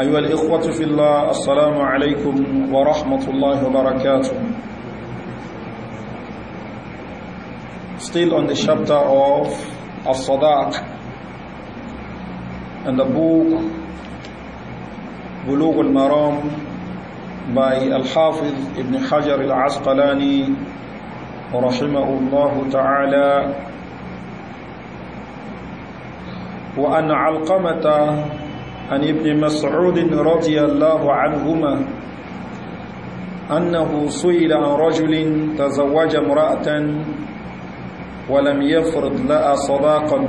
أيها الإخوة في الله السلام عليكم ورحمة الله وبركاته Still on the chapter of الصداق and the book بلوغ المرام by الحافظ ابن حجر العسقلاني al الله تعالى وأن علقمة عن ابن مسعود رضي الله عنهما أنه سئل عن رجل تزوج امرأة ولم يفرض لها صداقا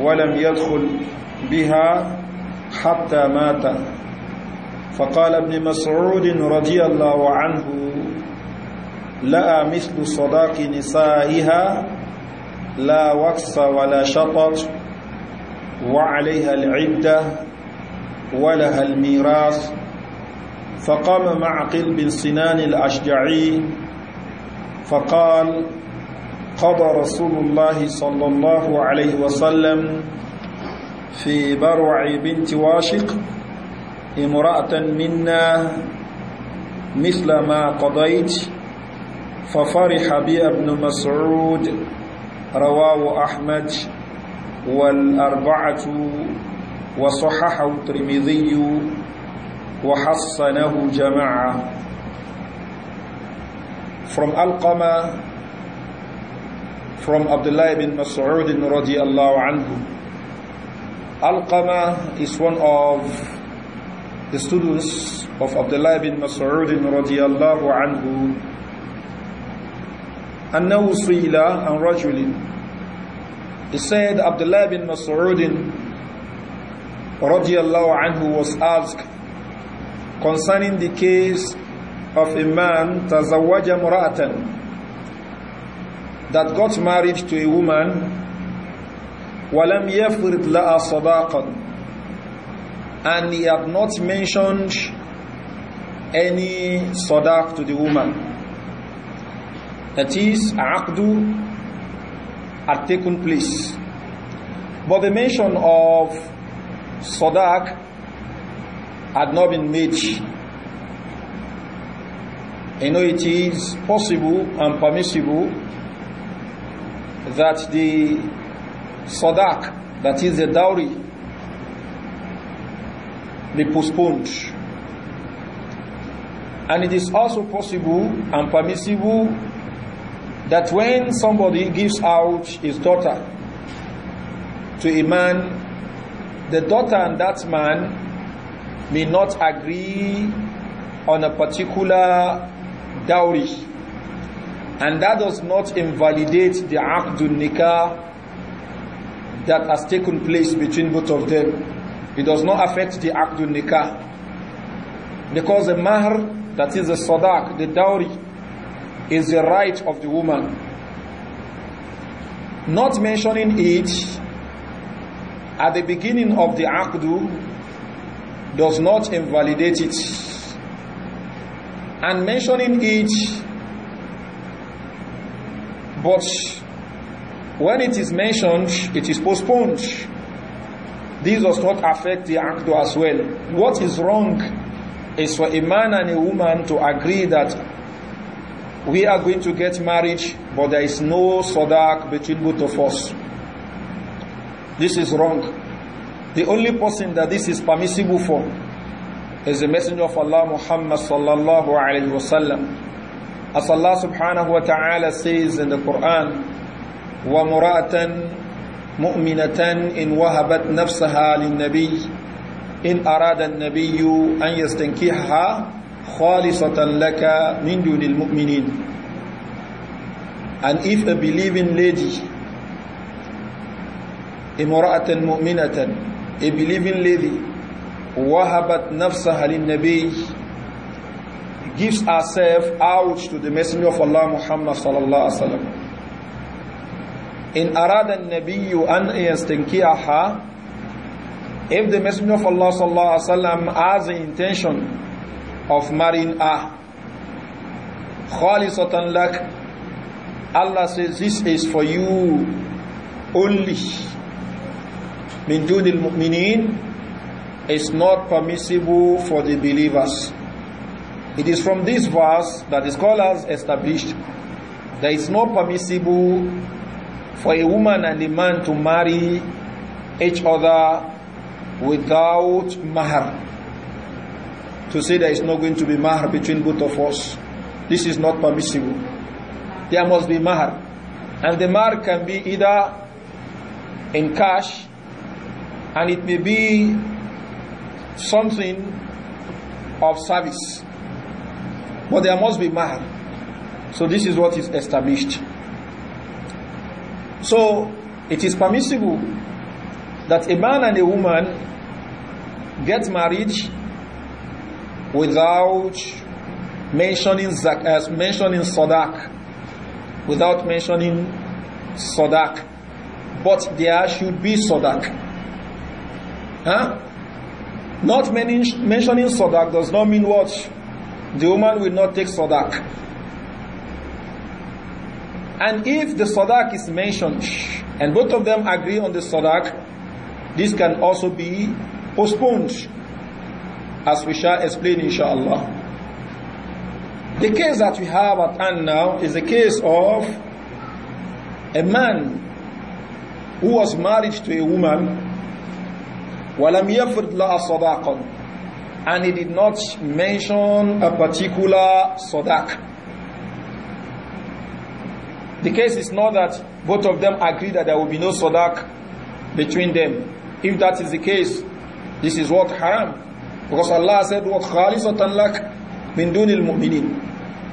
ولم يدخل بها حتى مات فقال ابن مسعود رضي الله عنه لا مثل صداق نسائها لا وكس ولا شطط وعليها العدة ولها الميراث فقام معقل بن سنان الأشجعي فقال قضى رسول الله صلى الله عليه وسلم في بروع بنت واشق امرأة منا مثل ما قضيت ففرح بي ابن مسعود رواه أحمد والأربعة وصححه الترمذي وحصنه جماعة from القما from عبد الله بن مسعود رضي الله عنه القما is one of the students of عبد الله بن مسعود رضي الله عنه أنه سئل عن رجل He said, Abdullah bin Mas'udin radiallahu anhu was asked concerning the case of a man tazawwaja mura'atan that got married to a woman walam yafrid la'a sadaqan and he had not mentioned any sadaq to the woman that is aqdu had taken place. But the mention of Sodak had not been made. You know, it is possible and permissible that the Sodak, that is the dowry, be postponed. And it is also possible and permissible that when somebody gives out his daughter to a man, the daughter and that man may not agree on a particular dowry. And that does not invalidate the Aqdun Nikah that has taken place between both of them. It does not affect the Aqdun Nikah. Because the Mahr, that is the Sadaq, the dowry, is the right of the woman. Not mentioning it at the beginning of the Aqdu does not invalidate it. And mentioning it, but when it is mentioned, it is postponed. This does not affect the Aqdu as well. What is wrong is for a man and a woman to agree that we are going to get married, but there is no sadaq between both of us. This is wrong. The only person that this is permissible for is the Messenger of Allah Muhammad sallallahu alayhi wasallam. As Allah subhanahu wa ta'ala says in the Quran, وَمُرَأَةً مُؤْمِنَةً إِنْ وَهَبَتْ نَفْسَهَا لِلنَّبِيِّ إِنْ أَرَادَ النَّبِيُّ أَنْ يَسْتَنْكِحَهَا خالصة لك من دون المؤمنين and if a believing lady امرأة مؤمنة a believing lady وهبت نفسها للنبي gives herself out to the messenger of Allah Muhammad sallallahu alaihi wasallam in arada an-nabiy an yastankiha if the messenger of Allah sallallahu alaihi wasallam has the intention of marrying her. khali lak. Allah says this is for you only. Min dunil is not permissible for the believers. It is from this verse that the scholars established there is no permissible for a woman and a man to marry each other without mahar to say there is not going to be mahar between both of us. This is not permissible. There must be mahar. And the mahar can be either in cash and it may be something of service. But there must be mahar. So this is what is established. So it is permissible that a man and a woman get married without mentioning zak as mentioning sadaq without mentioning sodak, but there should be sodak. huh not mentioning sodak does not mean what the woman will not take sodak. and if the sodak is mentioned and both of them agree on the sodak, this can also be postponed as we shall explain inshallah. The case that we have at hand now is the case of a man who was married to a woman and he did not mention a particular sadaq. The case is not that both of them agree that there will be no sadaq between them. If that is the case, this is what haram because Allah said, "Wa وَخَالِصَةً لَكْ مِن دُونِ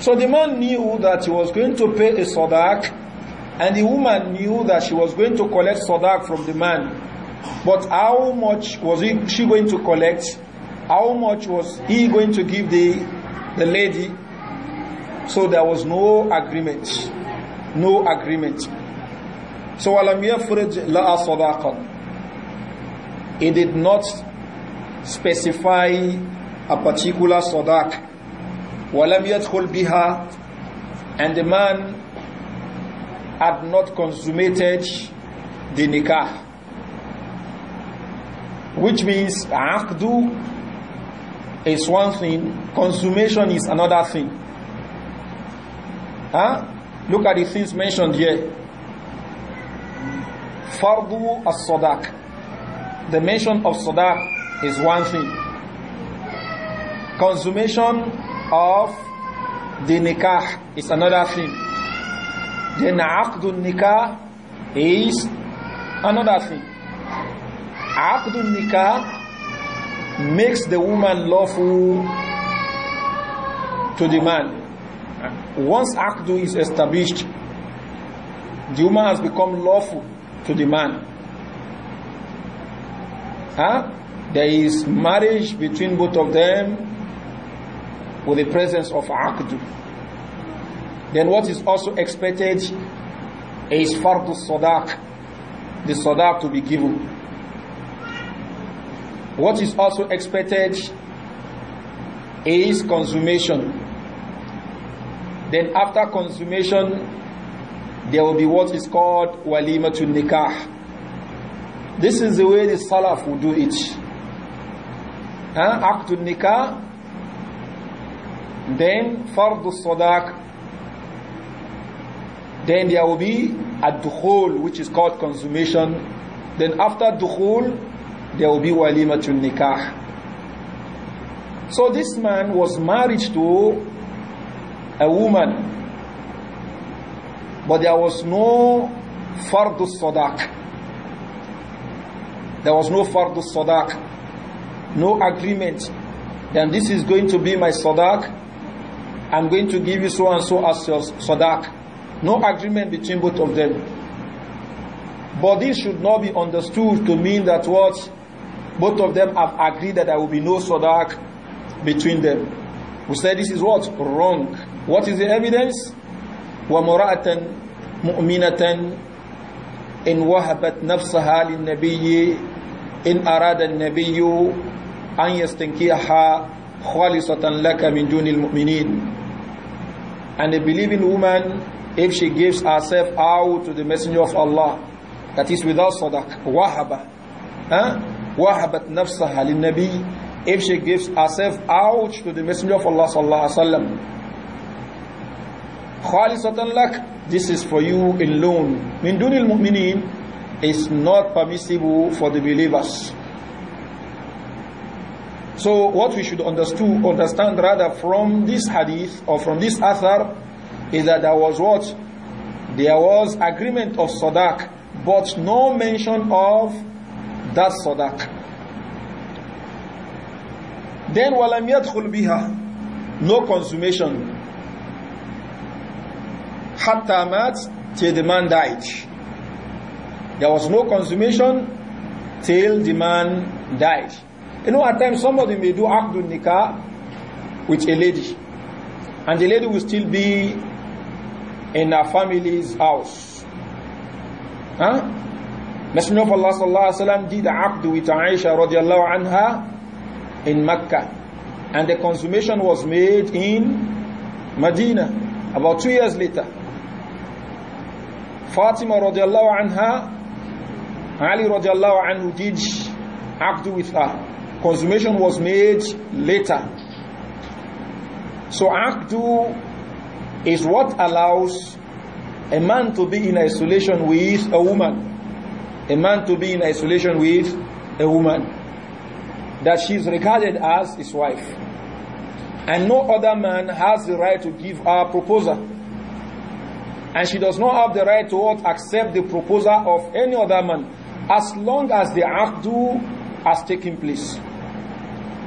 So the man knew that he was going to pay a sadaq, and the woman knew that she was going to collect sadaq from the man. But how much was he, she going to collect? How much was he going to give the, the lady? So there was no agreement. No agreement. So وَلَمْ يَفْرِجْ la صَدَاقًا He did not specify a particular sadaq ولم يدخل بها and the man had not consummated the nikah which means aqdu is one thing consummation is another thing huh? look at the things mentioned here fardu as-sadaq the mention of sadaq is one thing. Consummation of the nikah is another thing. The aqdun nikah is another thing. Aqdun nikah makes the woman lawful to the man. Once aqdu is established, the woman has become lawful to the man. Huh? there is marriage between both of them with the presence of akdu. then what is also expected is fardu sadaq the sadaq to be given what is also expected is consummation then after consummation there will be what is called walima to nikah this is the way the salaf will do it huh? Aqdul Nikah, then Fardu Sadaq, then there will be a which is called consummation. Then after dukhul, there will be walimatul nikah. So this man was married to a woman, but there was no fardu sadaq. There was no fardu sadaq no agreement then this is going to be my sadaq i'm going to give you so and so as your sadaq no agreement between both of them but this should not be understood to mean that what both of them have agreed that there will be no sadaq between them we say this is what wrong what is the evidence ومرأة مؤمنة إن وهبت نفسها للنبي إن أراد النبي أن يستنكيها خالصة لك من دون المؤمنين and a believing woman if she gives herself out to the messenger of Allah that is without sadaq wahaba huh? wahabat nafsaha للنبي if she gives herself out to the messenger of Allah sallallahu alaihi wasallam khalisatan lak this is for you alone min dunil المؤمنين is not permissible for the believers So what we should understand rather from this hadith or from this author is that there was what? There was agreement of sadaq but no mention of that sadaq. Then walam yadkhul biha no consummation hatta mat till the man died. There was no consummation till the man died. You know, at times somebody may do akdun Nikah with a lady, and the lady will still be in her family's house. Huh? Messenger of Allah sallallahu alaihi wasallam did Aqd with Aisha radiallahu anha in Mecca, and the consummation was made in Medina about two years later. Fatima radiallahu anha, Ali radiallahu anhu did Aqd with her consummation was made later. So Akdu is what allows a man to be in isolation with a woman. A man to be in isolation with a woman. That she is regarded as his wife. And no other man has the right to give her proposal. And she does not have the right to accept the proposal of any other man as long as the akdu has taken place.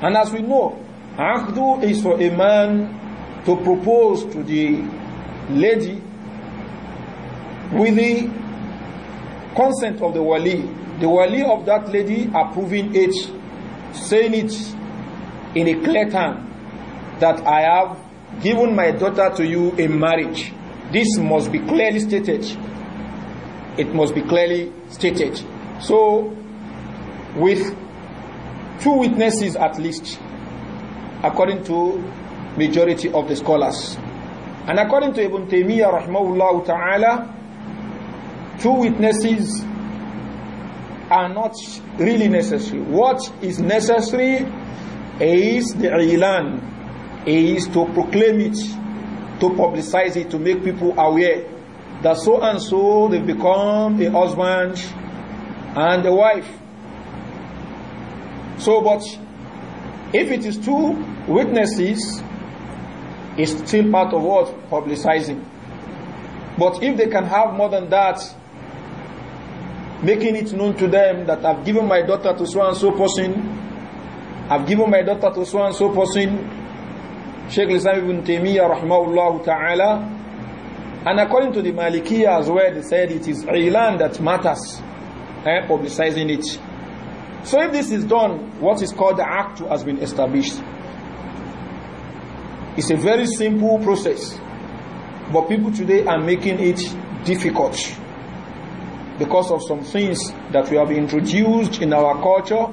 And as we know, Akhdu is for a man to propose to the lady with the consent of the wali. The wali of that lady approving it, saying it in a clear term that I have given my daughter to you in marriage. This must be clearly stated. It must be clearly stated. So, with two witnesses at least, according to majority of the scholars. And according to Ibn Taymiyyah rahmahullah ta'ala, two witnesses are not really necessary. What is necessary is the ilan, is to proclaim it, to publicize it, to make people aware that so and so they've become a husband and a wife. So, but if it is two witnesses, it's still part of what? Publicizing. But if they can have more than that, making it known to them that I've given my daughter to so and so person, I've given my daughter to so and so person, Sheikh Islam ibn Taymiyyah rahmahullah ta'ala, and according to the Malikiyah as well, they said it is Ilan that matters, eh, publicizing it. So if this is done, what is called the act has been established. It's a very simple process. But people today are making it difficult because of some things that we have introduced in our culture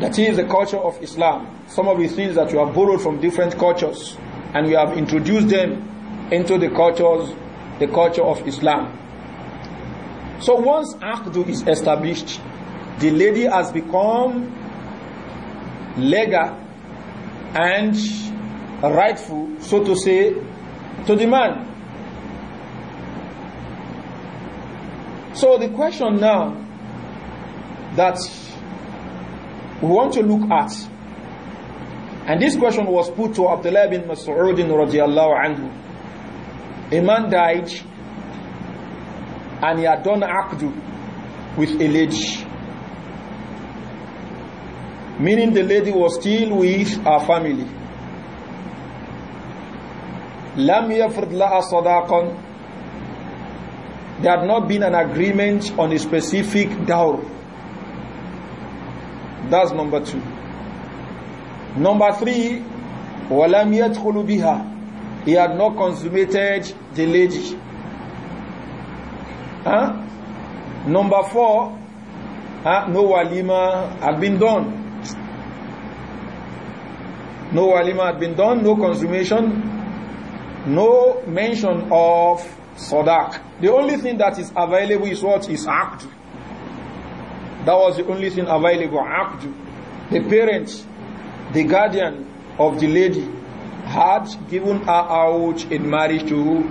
that is the culture of Islam. Some of the things that we have borrowed from different cultures and we have introduced them into the cultures, the culture of Islam. So once Aqdu is established, the lady has become legal and rightful, so to say, to the man. So the question now that we want to look at, and this question was put to Abdullah bin Raja radiallahu anhu. A man died and he had done akdu with a lady meaning the lady was still with her family. Lam yafrid la'a sadaqan. There had not been an agreement on a specific dowry. That's number two. Number three, walam yadkhulu biha. He had not consummated the lady. Huh? Number four, huh? no walima had been done. No walima had been done, no consummation, no mention of sadaq. The only thing that is available is what is aqd. That was the only thing available, aqd. The parents, the guardian of the lady had given her out in marriage to,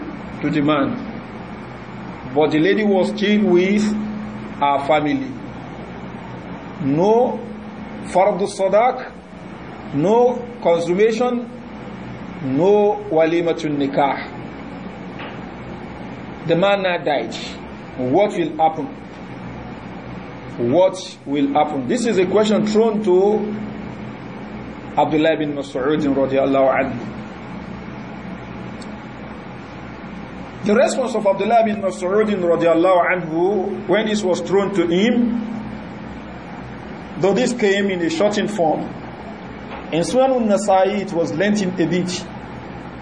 to the man. But the lady was still with her family. No fardu sadaq, no consummation, no walimatun nikah. The man now died. What will happen? What will happen? This is a question thrown to Abdullah bin Mas'ud radiallahu anhu. The response of Abdullah bin Mas'ud radiallahu anhu when this was thrown to him, though this came in a shortened form, in Sunan al-Nasai, it was lent a bit.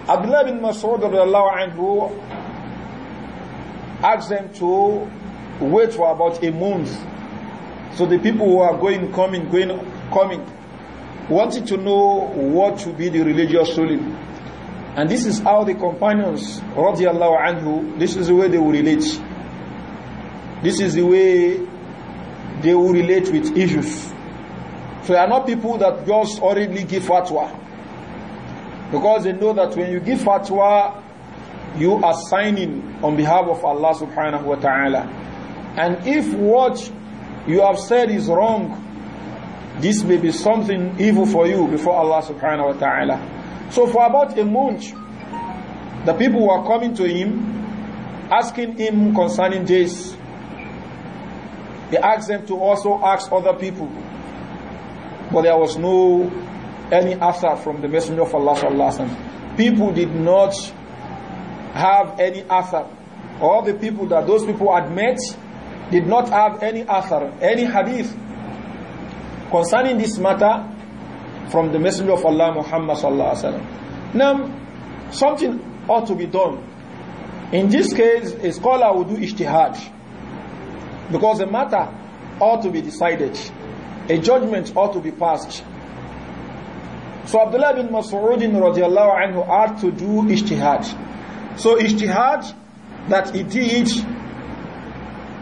Abdullah bin Mas'ud anhu asked them to wait for about a month. So the people who are going, coming, going, coming, wanted to know what to be the religious ruling. And this is how the companions, radiallahu anhu, this is the way they will relate. This is the way they will relate with issues. So they are not people that just orally give fatwa. Because they know that when you give fatwa, you are signing on behalf of Allah subhanahu wa ta'ala. And if what you have said is wrong, this may be something evil for you before Allah subhanahu wa ta'ala. So for about a month, the people were coming to him, asking him concerning this. He asked them to also ask other people but there was no any after from the Messenger of Allah sallallahu People did not have any after. All the people that those people had met did not have any after, any hadith concerning this matter from the Messenger of Allah Muhammad sallallahu alaihi wasallam. Now, something ought to be done. In this case, a scholar will do ijtihad because the matter ought to be decided a judgment ought to be passed. So Abdullah bin Mas'ud radiallahu anhu had to do ijtihad. So ijtihad that he did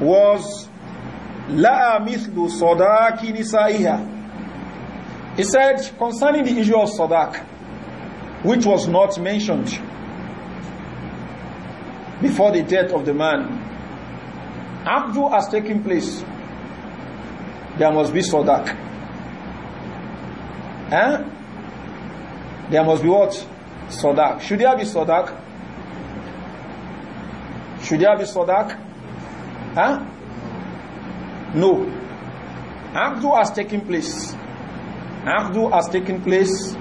was la mithlu sadaqi nisaiha. He said concerning the issue of sadaq, which was not mentioned before the death of the man, Abdu has taken place there must be sodak. Huh? Eh? There must be what? Sodak. Should there be sodak? Should there be sodak? Huh? Eh? No. Akdu has taken place. Akdu has taken place.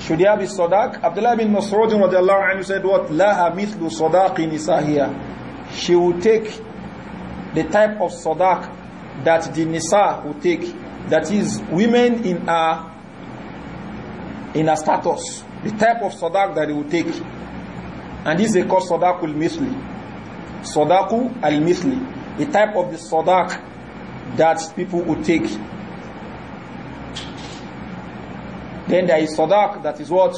Should there be sodak? Abdullah bin Mas'ud said what? La mithlu sodak in Isahiyah. She will take the type of sadaq that the nisa will take, that is women in a in a status, the type of sadaq that they will take. And this is called sadaqul misli. Sadaqu al misli, the type of the sadaq that people will take. Then there is sadaq that is what?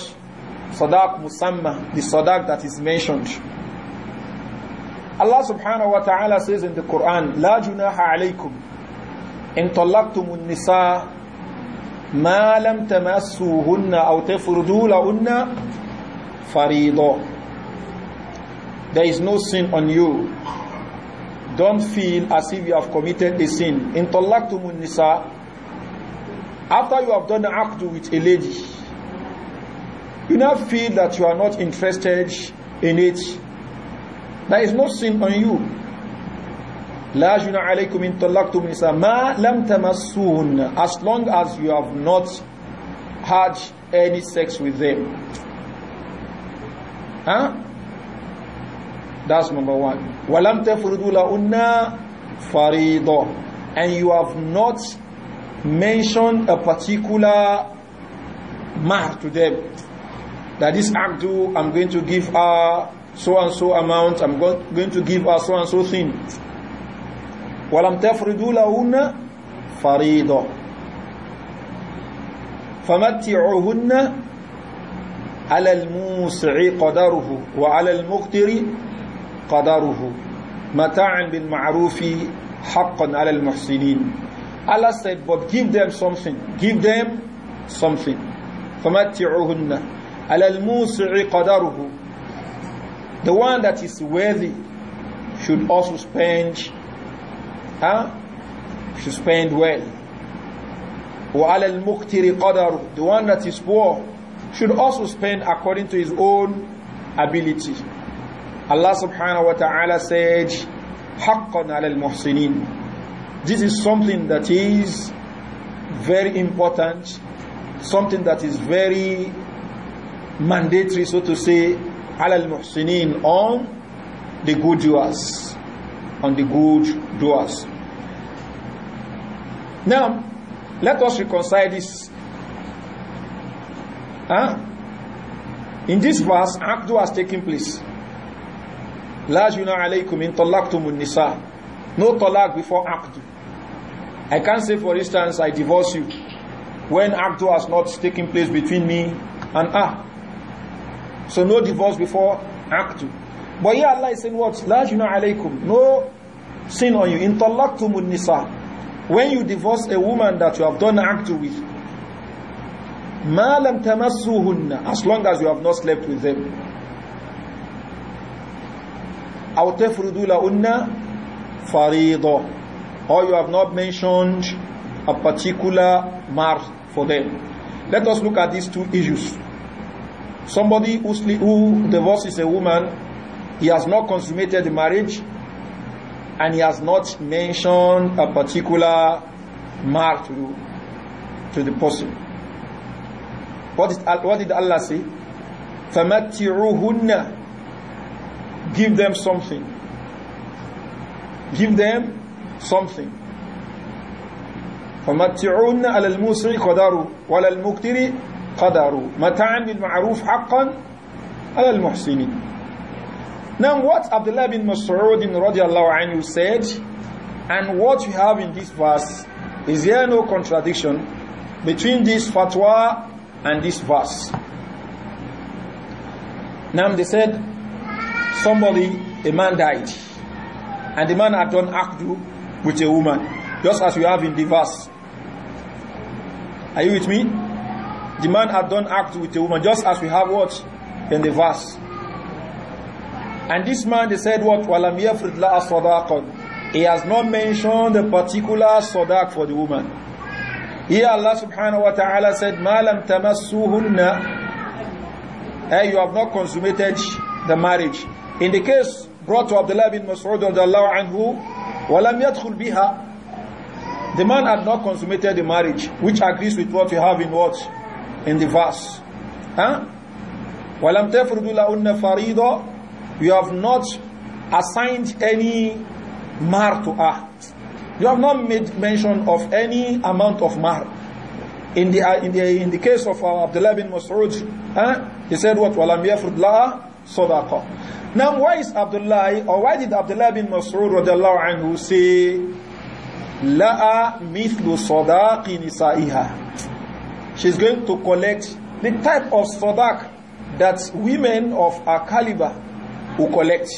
Sadaq musamma, the sadaq that is mentioned. Allah subhanahu wa ta'ala says in the Quran, لا جناح عليكم إن طلقتم النساء ما لم تمسوهن أو تفرضوا لهن فريضة There is no sin on you. Don't feel as if you have committed a sin. In طلقتم النساء After you have done an act with a lady, you now feel that you are not interested in it there is no sin on you. لا جنى عليكم إن طلقتم نساء ما لم تمسون as long as you have not had any sex with them. Huh? That's number one. وَلَمْ تَفْرُدُوا لَهُنَّ فريضة. And you have not mentioned a particular mark to them. That this I'm going to give her so and so amount I'm going to give her so and so thing ولم تفرضوا لهن فريضة فمتعوهن على الموسع قدره وعلى المقدر قدره متاعا بالمعروف حقا على المحسنين Allah said but give them something give them something فمتعوهن على الموسع قدره The one that is worthy should also spend, huh? should spend well. The one that is poor should also spend according to his own ability. Allah subhanahu wa ta'ala said, حَقًّا عَلَى الْمُحْسِنِينَ This is something that is very important, something that is very mandatory, so to say, alal muhsinin on the good doers on the good doers now let us reconcile this huh? in this verse Abdu has taken place لا جناح عليكم إن طلقتم النساء no talaq before Abdu I can't say for instance I divorce you when Abdu has not taken place between me and Ah. So no divorce before aktu. But here Allah is saying what? La juna alaykum. No sin on you. In talaqtumun nisa. When you divorce a woman that you have done aktu with, ma lam tamassuhunna. As long as you have not slept with them. Aw tafrudu lahunna fariḍa. Or you have not mentioned a particular mark for them. Let us look at these two issues. Somebody who, sleep, who divorces a woman, he has not consummated the marriage and he has not mentioned a particular mark to, to the person. What, is, what did Allah say? فَمَتِّعُوهُنَّ Give them something. Give them something. فمتعون على الموسع قدره وعلى المكتر قدروا متاعا بالمعروف حقا على المحسنين Now what Abdullah bin Mas'ud radiallahu anhu said and what we have in this verse is there no contradiction between this fatwa and this verse. Now they said somebody, a man died and the man had done akdu with a woman just as we have in the verse. Are you with me? the man had done act with a woman, just as we have what in the verse. And this man, they said what? وَلَمْ يَفْرِدْ لَهَا صَدَاقًا He has not mentioned the particular sadaq for the woman. Here Allah subhanahu wa ta'ala said, مَا لَمْ تَمَسُّهُنَّ Hey, you have not consummated the marriage. In the case brought to Abdullah bin Mas'ud radiallahu anhu, وَلَمْ يَدْخُلْ Biha, The man had not consummated the marriage, which agrees with what we have in what? in the verse. Huh? وَلَمْ تَفْرُدُ لَهُنَّ فَرِيضًا You have not assigned any mar to her. You have not made mention of any amount of mar. In the, uh, in the, in the case of uh, Abdullah bin Mas'ud, huh? he said what? وَلَمْ يَفْرُدْ لَهَا صَدَقًا Now why is Abdullah, or why did Abdullah bin Mas'ud anhu say, لَأَ مِثْلُ صَدَاقِ نِسَائِهَا she's going to collect the type of sadak that women of her caliber will collect.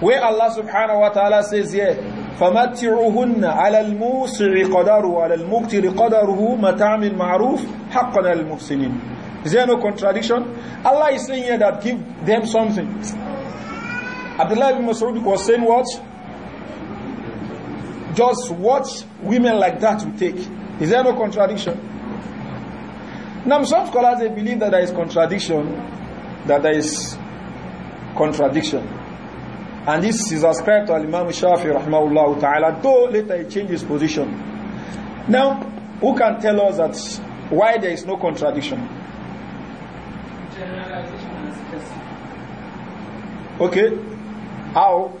Where Allah subhanahu wa ta'ala says here, فَمَتِّعُهُنَّ عَلَى الْمُوسِعِ قَدَرُهُ عَلَى الْمُقْتِرِ قَدَرُهُ مَتَعْمِ الْمَعْرُوفِ حَقًّا الْمُحْسِنِينَ Is there no contradiction? Allah is saying here that give them something. Abdullah ibn Masrud was saying what? Just what women like that will take. Is there no contradiction? Now, some scholars they believe that there is contradiction, that there is contradiction. And this is ascribed to Imam Shafi rahmahullah ta'ala, though later he changed his position. Now, who can tell us that why there is no contradiction? Okay, how?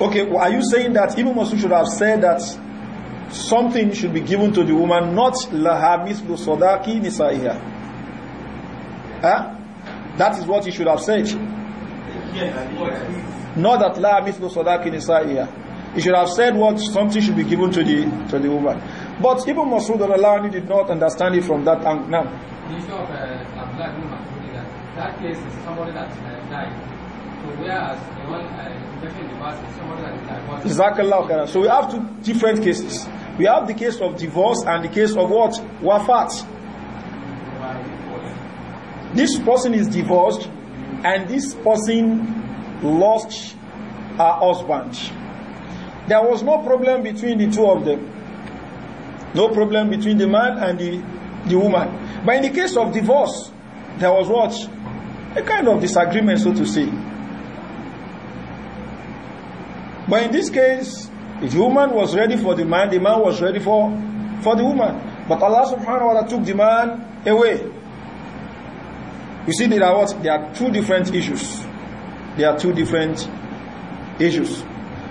Okay, well, are you saying that Ibn Masud should have said that something should be given to the woman, not laha mislu sadaki nisaiha? Huh? That is what he should have said. Not that laha mislu sadaki nisaiha. He should have said what something should be given to the to the woman. But Ibn Masud did not understand it from that angle. Now that case is somebody that uh, died. whereas one uh, So we have two different cases. We have the case of divorce and the case of what? Wafat. This person is divorced and this person lost her husband. There was no problem between the two of them. No problem between the man and the, the woman. But in the case of divorce, there was what? a kind of disagreement, so to say. But in this case, if the woman was ready for the man, the man was ready for, for the woman. But Allah subhanahu wa ta'ala took the man away. You see, there are what? There are two different issues. There are two different issues.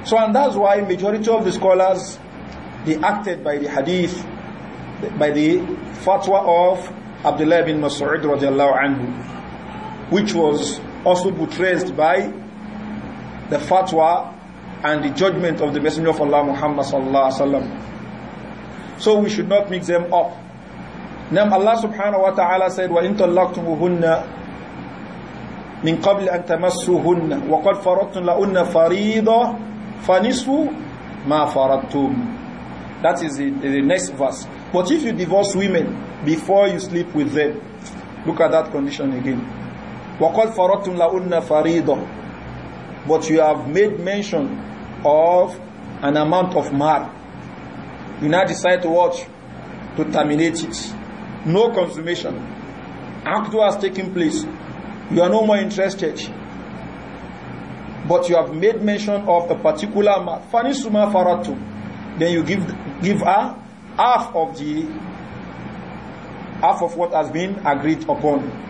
So, and that's why majority of the scholars, they acted by the hadith, by the fatwa of Abdullah bin Mas'ud radiallahu anhu which was also buttressed by the fatwa and the judgment of the Messenger of Allah Muhammad sallallahu alaihi So we should not mix them up. Now Allah subhanahu wa ta'ala said, وَإِن طَلَّقْتُمُهُنَّ مِن قَبْلِ أَن تَمَسُّهُنَّ وَقَدْ فَرَضْتُمْ لَهُنَّ فَرِيضَةً فَنِصْفُ مَا فَرَضْتُمْ That is the, the next verse. But if you divorce women before you sleep with them, look at that condition again. وَقَدْ فَرَطٌ لَأُنَّ فَرِيدًا But you have made mention of an amount of mar. You now decide to watch, to terminate it. No consummation. Akdu has taken place. You are no more interested. But you have made mention of a particular mar. فَنِسُمَا faratu, Then you give, give her half of the half of what has been agreed upon.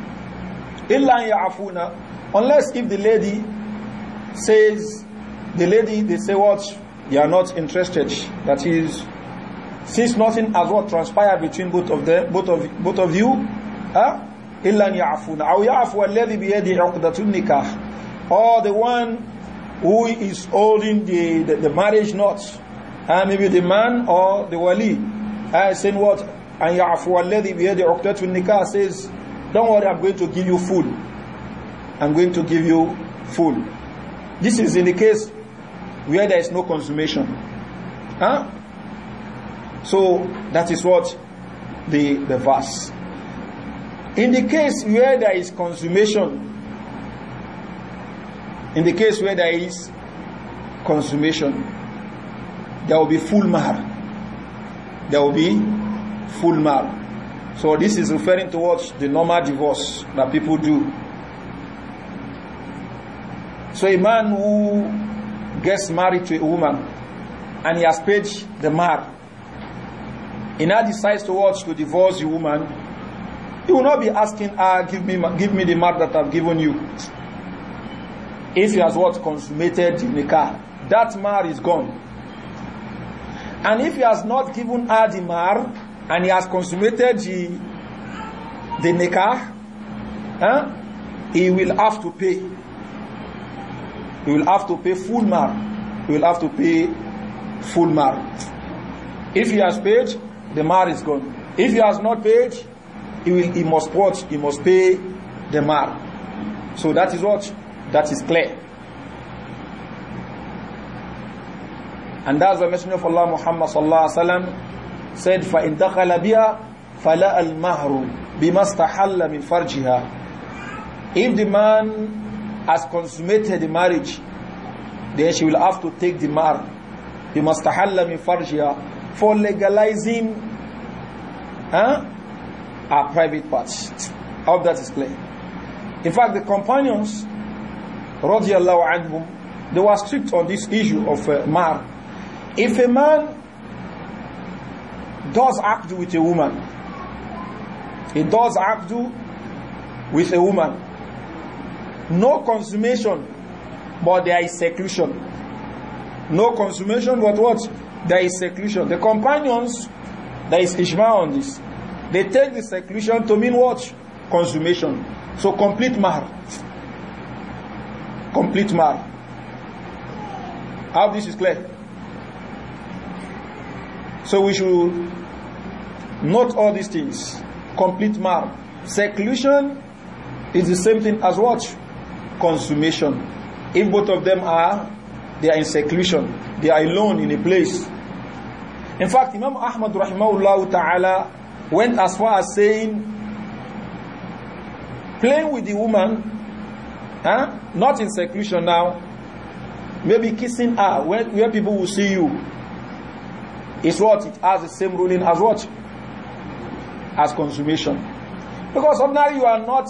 إِلَّا afuna, Unless if the lady says, the lady, they say what? They are not interested. That is, since nothing has what transpired between both of them, both of, both of you, huh? إِلَّا يَعْفُونَ أَوْ يَعْفُوَ الَّذِي بِيَدِي عُقْدَةُ nikah, Or the one who is holding the, the, the marriage knot, uh, maybe the man or the wali, uh, saying what? أَنْ يَعْفُوَ الَّذِي بِيَدِي عُقْدَةُ nikah says, don't worry, I'm going to give you food. I'm going to give you food. This is in the case where there is no consummation. Huh? So that is what the, the verse. In the case where there is consummation, in the case where there is consummation, there will be full mar. There will be full mar. So this is referring towards the normal divorce that people do. So a man who gets married to a woman and he has paid the mark, he now decides towards to divorce the woman, he will not be asking her, give me, give me the mark that I've given you. If he has what consummated the nikah, that mar is gone. And if he has not given her the mark and he has consummated the, the nikah, eh, he will have to pay. He will have to pay full mar. He will have to pay full mar. If he has paid, the mar is gone. If he has not paid, he will he must watch, he must pay the mar. So that is what that is clear. And that's the Messenger of Allah Muhammad sallallahu alaihi wasallam said فَإِنْ fala بِهَا فَلَا الْمَهْرُ بِمَسْتَحَلَّ مِنْ فَرْجِهَا If the man has consummated the marriage, then she will have to take the mar. بِمَسْتَحَلَّ مِنْ فَرْجِهَا For legalizing huh, our private parts. how that is clear. In fact, the companions, radiyallahu anhum, they were strict on this issue of uh, mar. If a man does akdu with a woman. He does akdu with a woman. No consummation, but there is seclusion. No consummation, but what? There is seclusion. The companions, there is Ishmael on this. They take the seclusion to mean what? Consummation. So complete mar. Complete mar. How this is clear? So we should note all these things. Complete map. Seclusion is the same thing as what? Consummation. If both of them are, they are in seclusion. They are alone in a place. In fact, Imam Ahmad rahimahullah ta'ala went as far as saying, playing with the woman, huh? not in seclusion now, maybe kissing her, where, where people will see you, is what? It has the same ruling as what? As consummation. Because ordinarily you are not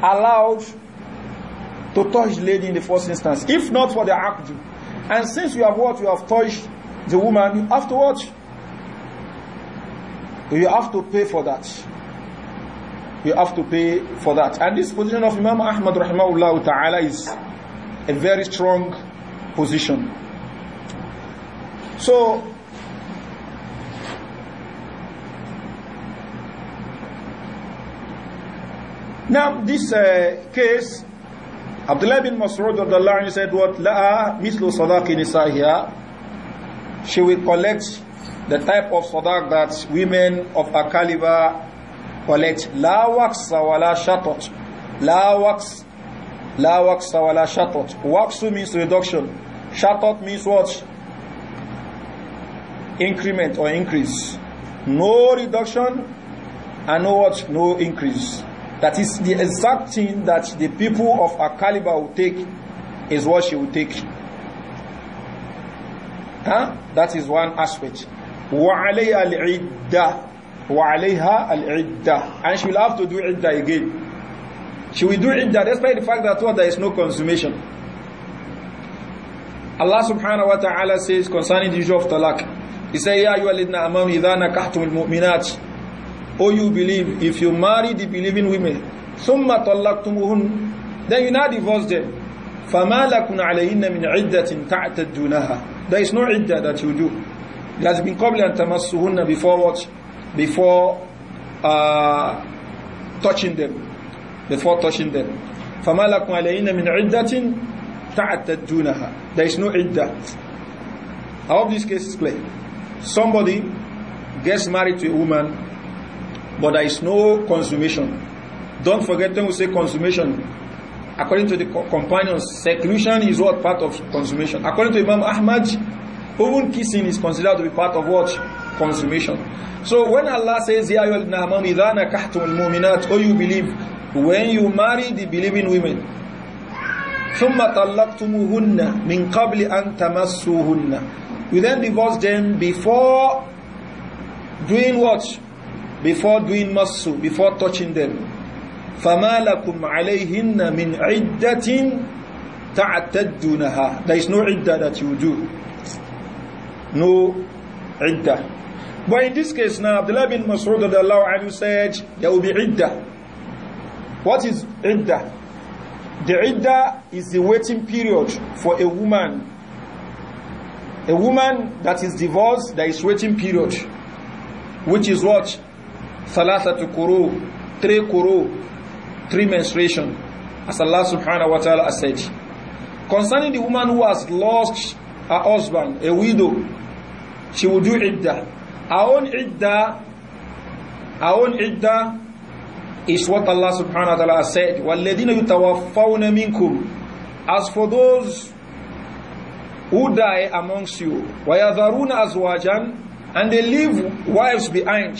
allowed to touch lady in the first instance, if not for the aqd. And since you have what? You have touched the woman, you have to watch. You have to pay for that. You have to pay for that. And this position of Imam Ahmad rahimahullah ta'ala is a very strong position. So Now, this uh, case, Abdullah bin Masrud of the line said, What? La'a mislu sadaqi nisahiya. She will collect the type of sadaq that women of a caliber collect. La waqsa wa la shatot. La waqs. La waqsa wa la shatot. Waqsu means reduction. Shatot means what? Increment or increase. No reduction and no what? No increase. That is the exact thing that the people of Akaliba will take is what she will take. Huh? That is one aspect. And she will have to do idda again. She will do idda despite the fact that well, there is no consummation. Allah subhanahu wa ta'ala says concerning the issue of talak. He says, يَا أَيُّهَا الَّذِينَ idana kahtum al-mu'minat. Or oh, you believe, if you marry the believing women, ثُمَّ طَلَّقْتُمُهُنْ Then you now divorce them. فَمَا لَكُنْ عَلَيْهِنَّ مِنْ عِدَّةٍ تَعْتَدُّونَها There is no عدة that you do. It has been قَبْلِ أَن تَمَسُّهُنَّ before what? Before uh, touching them. Before touching them. فَمَا لَكُنْ عَلَيْهِنَّ مِنْ عِدَّةٍ تَعْتَدُّونَها There is no عدة. I hope this case is clear. Somebody gets married to a woman but there is no consummation. Don't forget when we say consummation, according to the companions, seclusion is what part of consummation. According to Imam Ahmad, even kissing is considered to be part of what? Consummation. So when Allah says, Ya mu'minat, or oh, you believe, when you marry the believing women, ثُمَّ طَلَّقْتُمُهُنَّ مِنْ قَبْلِ أَن تَمَسُّوهُنَّ You then divorce them before doing what? before doing masu, before touching them. فَمَا لَكُمْ عَلَيْهِنَّ مِنْ عِدَّةٍ تَعْتَدُّونَهَا There is no idda that you do. No idda. But in this case now, Abdullah bin Mas'ud anhu said, there will be idda. What is idda? The idda is the waiting period for a woman. A woman that is divorced, there is waiting period. Which is what? ثلاثة kuru, three kuru, three menstruation, as Allah subhanahu wa ta'ala has said. Concerning the woman who has lost her husband, a widow, she will do idda. Her own idda? her own idda? is what Allah subhanahu wa ta'ala has said. وَالَّذِينَ يُتَوَفَّوْنَ مِنْكُمْ As for those who die amongst you, وَيَذَرُونَ أَزْوَاجًا And they leave wives behind.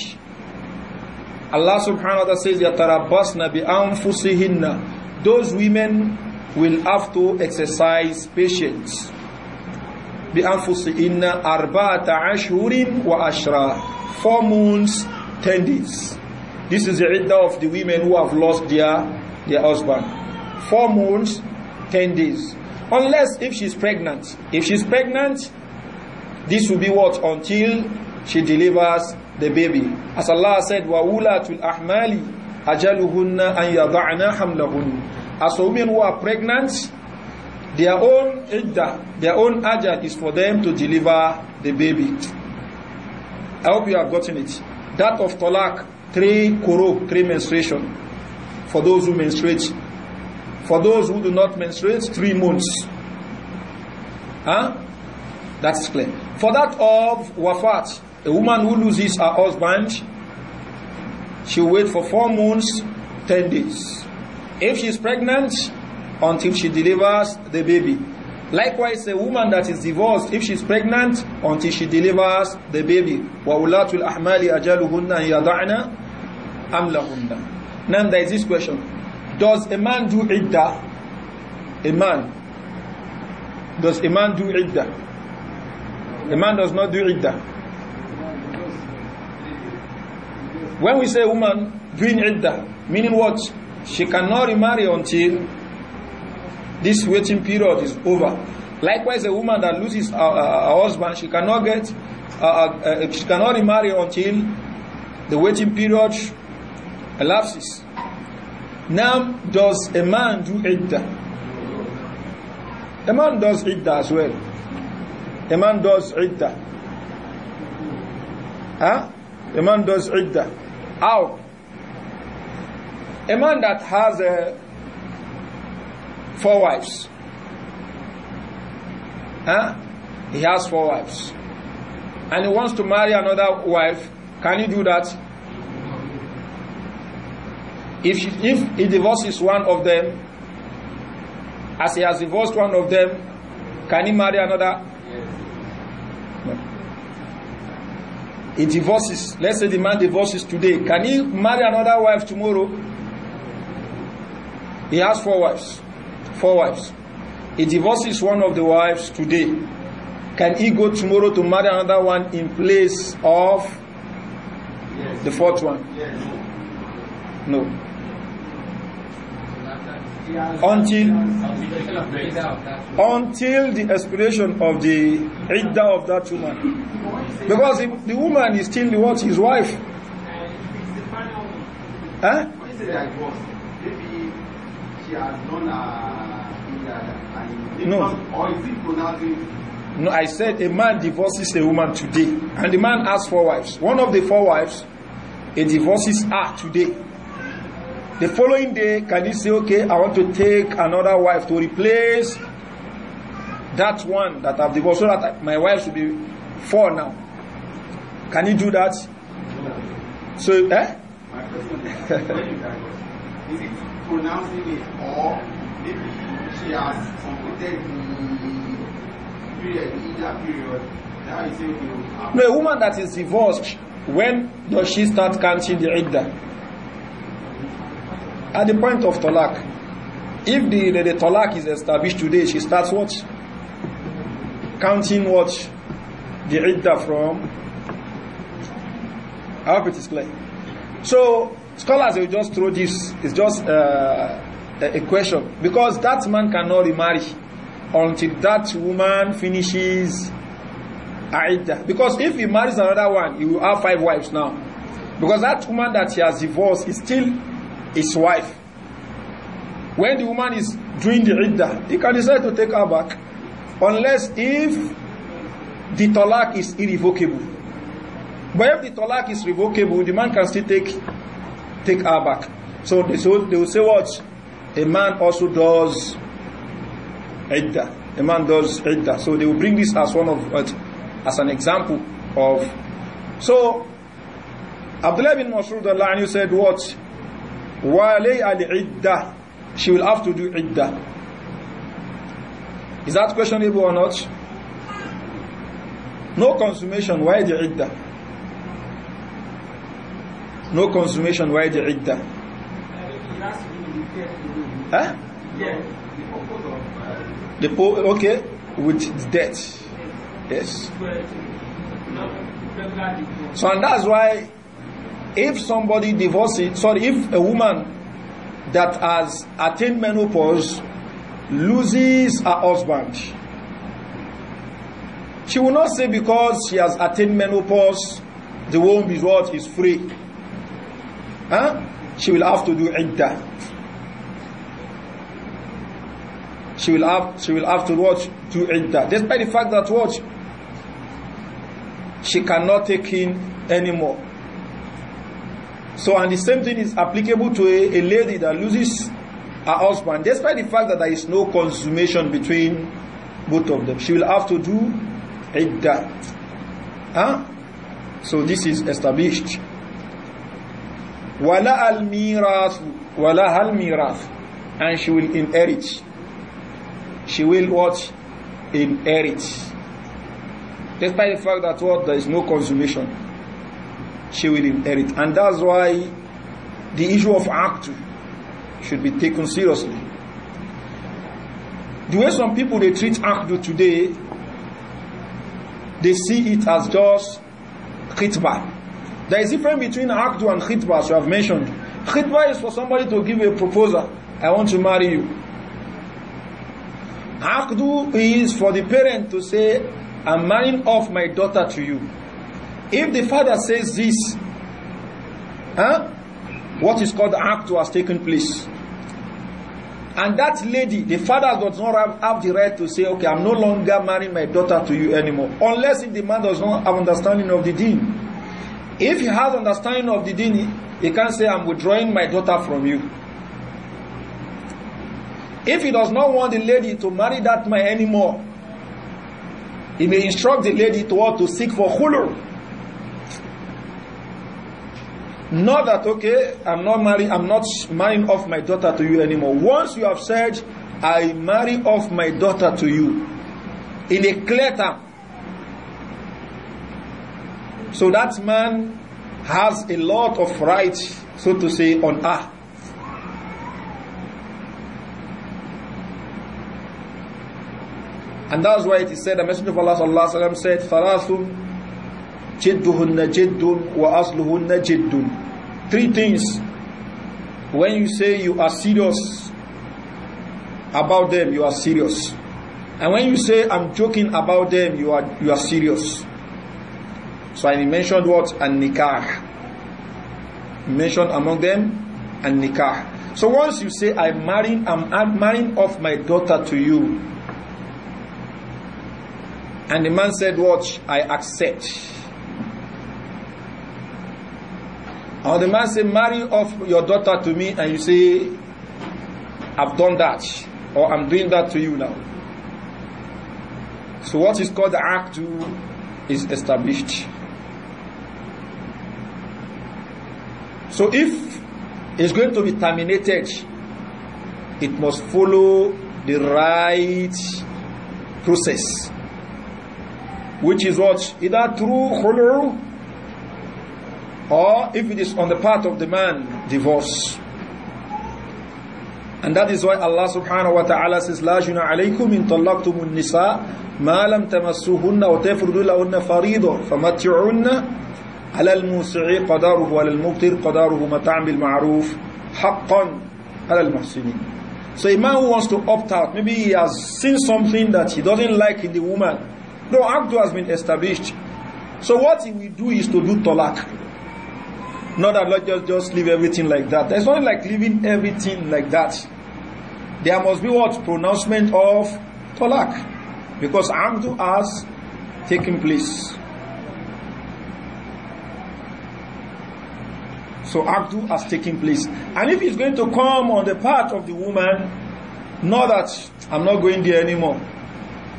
Allah subhanahu wa ta'ala says, يَتَرَبَّصْنَ بِأَنفُسِهِنَّ Those women will have to exercise patience. بِأَنفُسِهِنَّ أَرْبَعَةَ عَشْهُرٍ وَأَشْرًا Four months, ten days. This is the iddah of the women who have lost their, their husband. Four months, ten days. Unless if she's pregnant. If she's pregnant, this will be what? Until she delivers the baby. As Allah said, وَأُولَاتُ الْأَحْمَالِ أَجَلُهُنَّ أَنْ يَضَعْنَا حَمْلَهُنَّ As women who are pregnant, their own idda, their own ajal is for them to deliver the baby. I hope you have gotten it. That of talak, three kuruk, three menstruation. For those who menstruate. For those who do not menstruate, three months. Huh? That's clear. For that of wafat, the woman who loses her husband, she'll wait for four months, ten days. If she is pregnant, until she delivers the baby. Likewise, a woman that is divorced, if she is pregnant, until she delivers the baby. وَأُولَاتُ الْأَحْمَالِ أَجَلُهُنَّ يَضَعْنَا أَمْ لَهُنَّ Now there is this question. Does a man do idda? A man. Does a man do idda? A man does not do idda. When we say woman doing idda, meaning what? She cannot remarry until this waiting period is over. Likewise, a woman that loses her, husband, she cannot get, uh, uh, she cannot remarry until the waiting period elapses. Now, does a man do idda? A man does idda as well. A man does idda. Huh? A man does idda. How? A man that has uh, four wives. Huh? He has four wives. And he wants to marry another wife. Can he do that? If, if he divorces one of them, as he has divorced one of them, can he marry another He divorces. Let's say the man divorces today. Can he marry another wife tomorrow? He has four wives. Four wives. He divorces one of the wives today. Can he go tomorrow to marry another one in place of yes. the fourth one? Yes. No. until until the expiration of the idda of that woman. Because the woman is still the what his wife. Huh? No. No, I said a man divorces a woman today, and the man has four wives. One of the four wives, he divorces her today. The following day, can you say, okay, I want to take another wife to replace that one that I've divorced so that my wife should be four now? Can you do that? No. So, eh? My question is, is it pronouncing it or maybe she has completed the period, in that period? Now you say, okay, No, a woman that is divorced, when does she start counting the iddah? at the point of talak. If the, the, the talak is established today, she starts what? Counting what? The idda from. I hope it is clear. So, scholars will just throw this. It's just uh, a, a question. Because that man cannot remarry until that woman finishes idda. Because if he marries another one, he will have five wives now. Because that woman that he has divorced is still his wife. When the woman is doing the iddah, he can decide to take her back unless if the talak is irrevocable. But if the talak is revocable, the man can still take take her back. So they, so they will say what? A man also does iddah. A man does iddah. So they will bring this as one of uh, as an example of. So Abdullah bin Masrud Allah said what? Wale al idda, She will have to do idda. Is that questionable or not? No consummation. Why the idda? No consummation. Why the idda? Huh? Yeah. The po okay with debt. Yes. So and that's why if somebody divorces, sorry, if a woman that has attained menopause loses her husband, she will not say because she has attained menopause, the womb is what is free. Huh? She will have to do iddah. She will have she will have to watch do iddah. Despite the fact that what she cannot take in anymore. So, and the same thing is applicable to a, a lady that loses her husband, despite the fact that there is no consummation between both of them. She will have to do iddah. Huh? So this is established. Wala al miras, wala al miras, and she will inherit. She will what? Inherit. Despite the fact that what there is no consummation. she will inherit. And that's why the issue of act should be taken seriously. The way some people they treat Akdu today, they see it as just khitbah. There is a difference between Akdu and khitbah, as you have mentioned. Khitbah is for somebody to give a proposal, I want to marry you. Akdu is for the parent to say, I'm marrying off my daughter to you. If the father says this, huh, what is called act has taken place. And that lady, the father does not have, have, the right to say, okay, I'm no longer marrying my daughter to you anymore. Unless if the man does not have understanding of the deen. If he has understanding of the deen, he can say, I'm withdrawing my daughter from you. If he does not want the lady to marry that man anymore, he may instruct the lady to, to seek for khulur. Not that, okay, I'm not marrying, I'm not marrying off my daughter to you anymore. Once you have said, I marry off my daughter to you, in a clear term. So that man has a lot of right, so to say, on earth. And that's why it is said, the Messenger of Allah said, Jidduhunna jiddun wa asluhunna Three things. When you say you are serious about them, you are serious. And when you say I'm joking about them, you are you are serious. So I mentioned what? and nikah. Mentioned among them and nikah. So once you say I'm marrying, I'm marrying off my daughter to you. And the man said, Watch, I accept. Or the man say, marry off your daughter to me, and you say, I've done that, or I'm doing that to you now. So what is called the act is established. So if it's going to be terminated, it must follow the right process, which is what either through khulu Or if it is on the part of the man, divorce. And that is why Allah subhanahu wa ta'ala says, لا جنى عليكم إن طلقتم النساء ما لم تمسوهن وتفردوا لهن فريضة فمتعهن على الموسع قدره وعلى المبتر قدره متاع بالمعروف حقا على المحسنين. So a man who wants to opt out, maybe he has seen something that he doesn't like in the woman. No, Abdu has been established. So what he will do is to do talak. Not that Lord just, just leave everything like that. There's not like leaving everything like that. There must be what? Pronouncement of talak. Because Amdu has taken place. So Abdu has taken place. And if he's going to come on the part of the woman, know that I'm not going there anymore.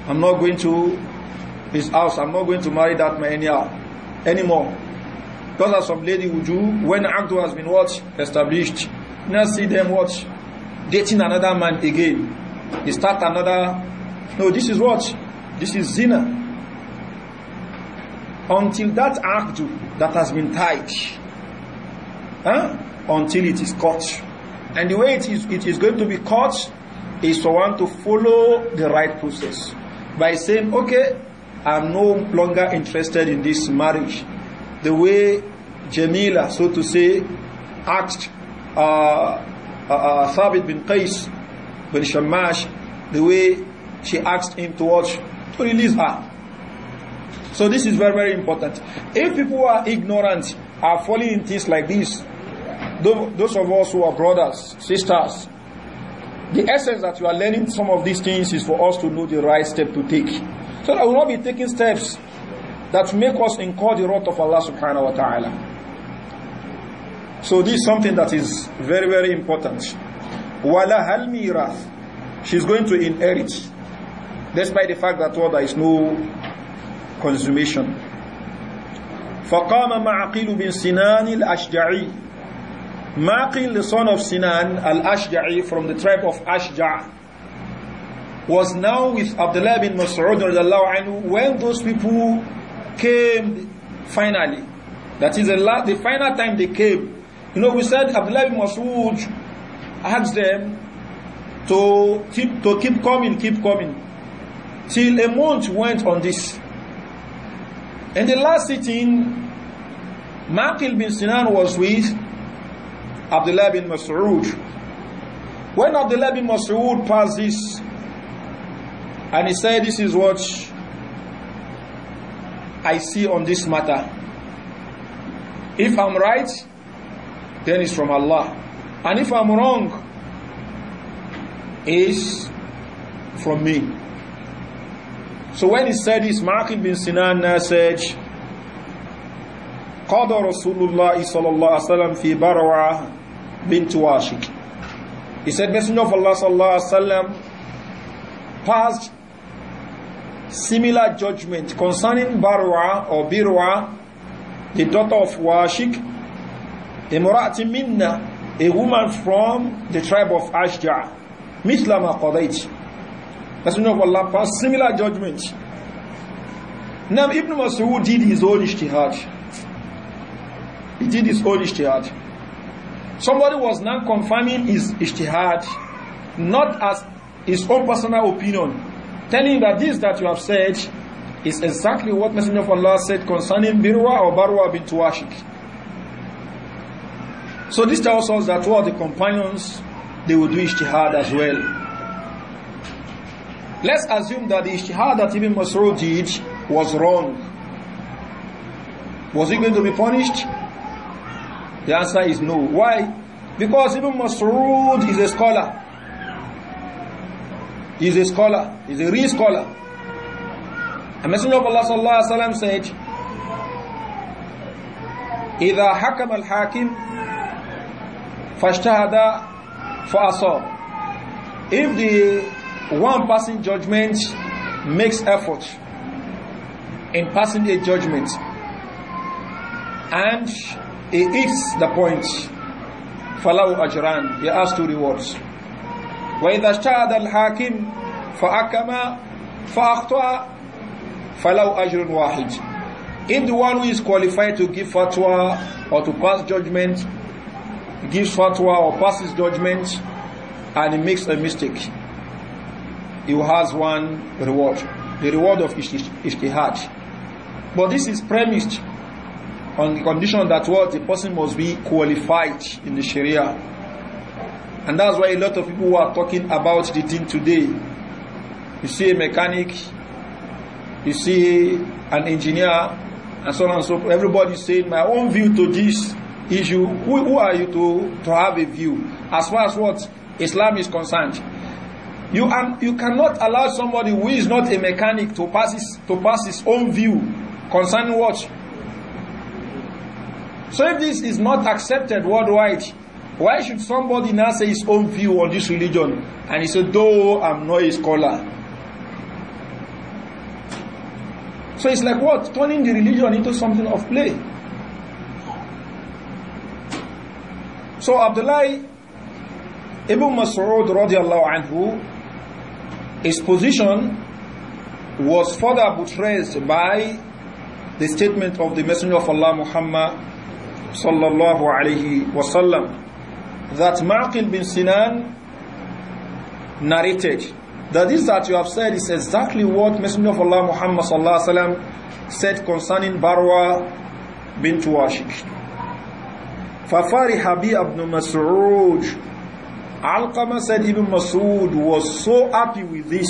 I'm not going to his house. I'm not going to marry that man anyhow, anymore. Because as some lady would do, when Abdu has been what? Established. Now see them what? Dating another man again. They start another. No, this is what? This is zina. Until that Abdu that has been tied, huh? until it is caught. And the way it is, it is going to be caught is for one to follow the right process by saying, okay, I'm no longer interested in this marriage the way Jamila, so to say, asked uh, uh, uh, Thabit bin Qais bin Shammash, the way she asked him to watch, to release her. So this is very, very important. If people are ignorant, are falling in things like this, those of us who are brothers, sisters, the essence that you are learning some of these things is for us to know the right step to take. So I will not be taking steps that make us incur the wrath of Allah subhanahu wa ta'ala. So this is something that is very, very important. وَلَهَا الْمِيرَاثِ She's going to inherit, despite the fact that well, there is no consummation. فَقَامَ مَعْقِلُ بِن سِنَانِ الْأَشْجَعِي Maqil, the son of Sinan al-Ashja'i from the tribe of Ashja' was now with Abdullah bin Mas'ud when those people came finally. That is the, last, the final time they came. You know, we said Abdullah ibn Masud asked them to keep, to keep coming, keep coming. Till a month went on this. And the last sitting, Maqil bin Sinan was with Abdullah bin Mas'ud. When Abdullah bin Mas'ud passed this, and he said, This is what I see on this matter. If I'm right, then it's from Allah. And if I'm wrong, it's from me. So when he said this, Ma'aqib bin Sinan said, قضى رسول الله صلى الله عليه وسلم في بروعة بنت واشك He said, Messenger of Allah صلى الله عليه وسلم passed similar judgment concerning Barua or Birwa, the daughter of Washik, Imra'ati Minna, a woman from the tribe of Ashja, Mithlama Qadayt. Messenger of Allah passed similar judgment. Now Ibn Mas'ud did his own ijtihad. He did his own ijtihad. Somebody was now confirming his ijtihad, not as his own personal opinion, telling that this that you have said is exactly what Messenger of Allah said concerning Birwa or Barwa bin Tuashik. So this tells us that all the companions they would do ijtihad as well. Let's assume that the ijtihad that Ibn Masroor did was wrong. Was he going to be punished? The answer is no. Why? Because Ibn Masroor is a scholar. He's a scholar. He's a real scholar. A messenger of Allah sallallahu alaihi wasallam said, hakim حكم الحاكم فاجتهد فأصاب if the one passing judgment makes effort in passing a judgment and he hits the point falau ajran he has two rewards وإذا اجتهد الحاكم فأكم فأخطأ فلو أجر واحد If the one who is qualified to give fatwa or to pass judgment gives fatwa or passes judgment and he makes a mistake, he has one reward, the reward of ijtihad. But this is premised on the condition that what the person must be qualified in the Sharia and that's why a lot of people are talking about the thing today. You see a mechanic, you see an engineer, and so on and so forth. Everybody saying my own view to this issue. Who, who are you to, to have a view? As far as what Islam is concerned. You, you cannot allow somebody who is not a mechanic to pass his, to pass his own view concerning what so if this is not accepted worldwide, why should somebody now say his own view on this religion? And he said, though I'm not a scholar. So it's like what? Turning the religion into something of play. So Abdullah Ibn Mas'ud radiallahu anhu, his position was further buttressed by the statement of the Messenger of Allah Muhammad sallallahu alayhi wasallam that Maqil bin Sinan narrated that this that you have said is exactly what Messenger of Allah Muhammad sallallahu alaihi wasallam said concerning Barwa bint Washik. فَفَرِحَ بِي أَبْنُ al Alqama said Ibn Masud was so happy with this.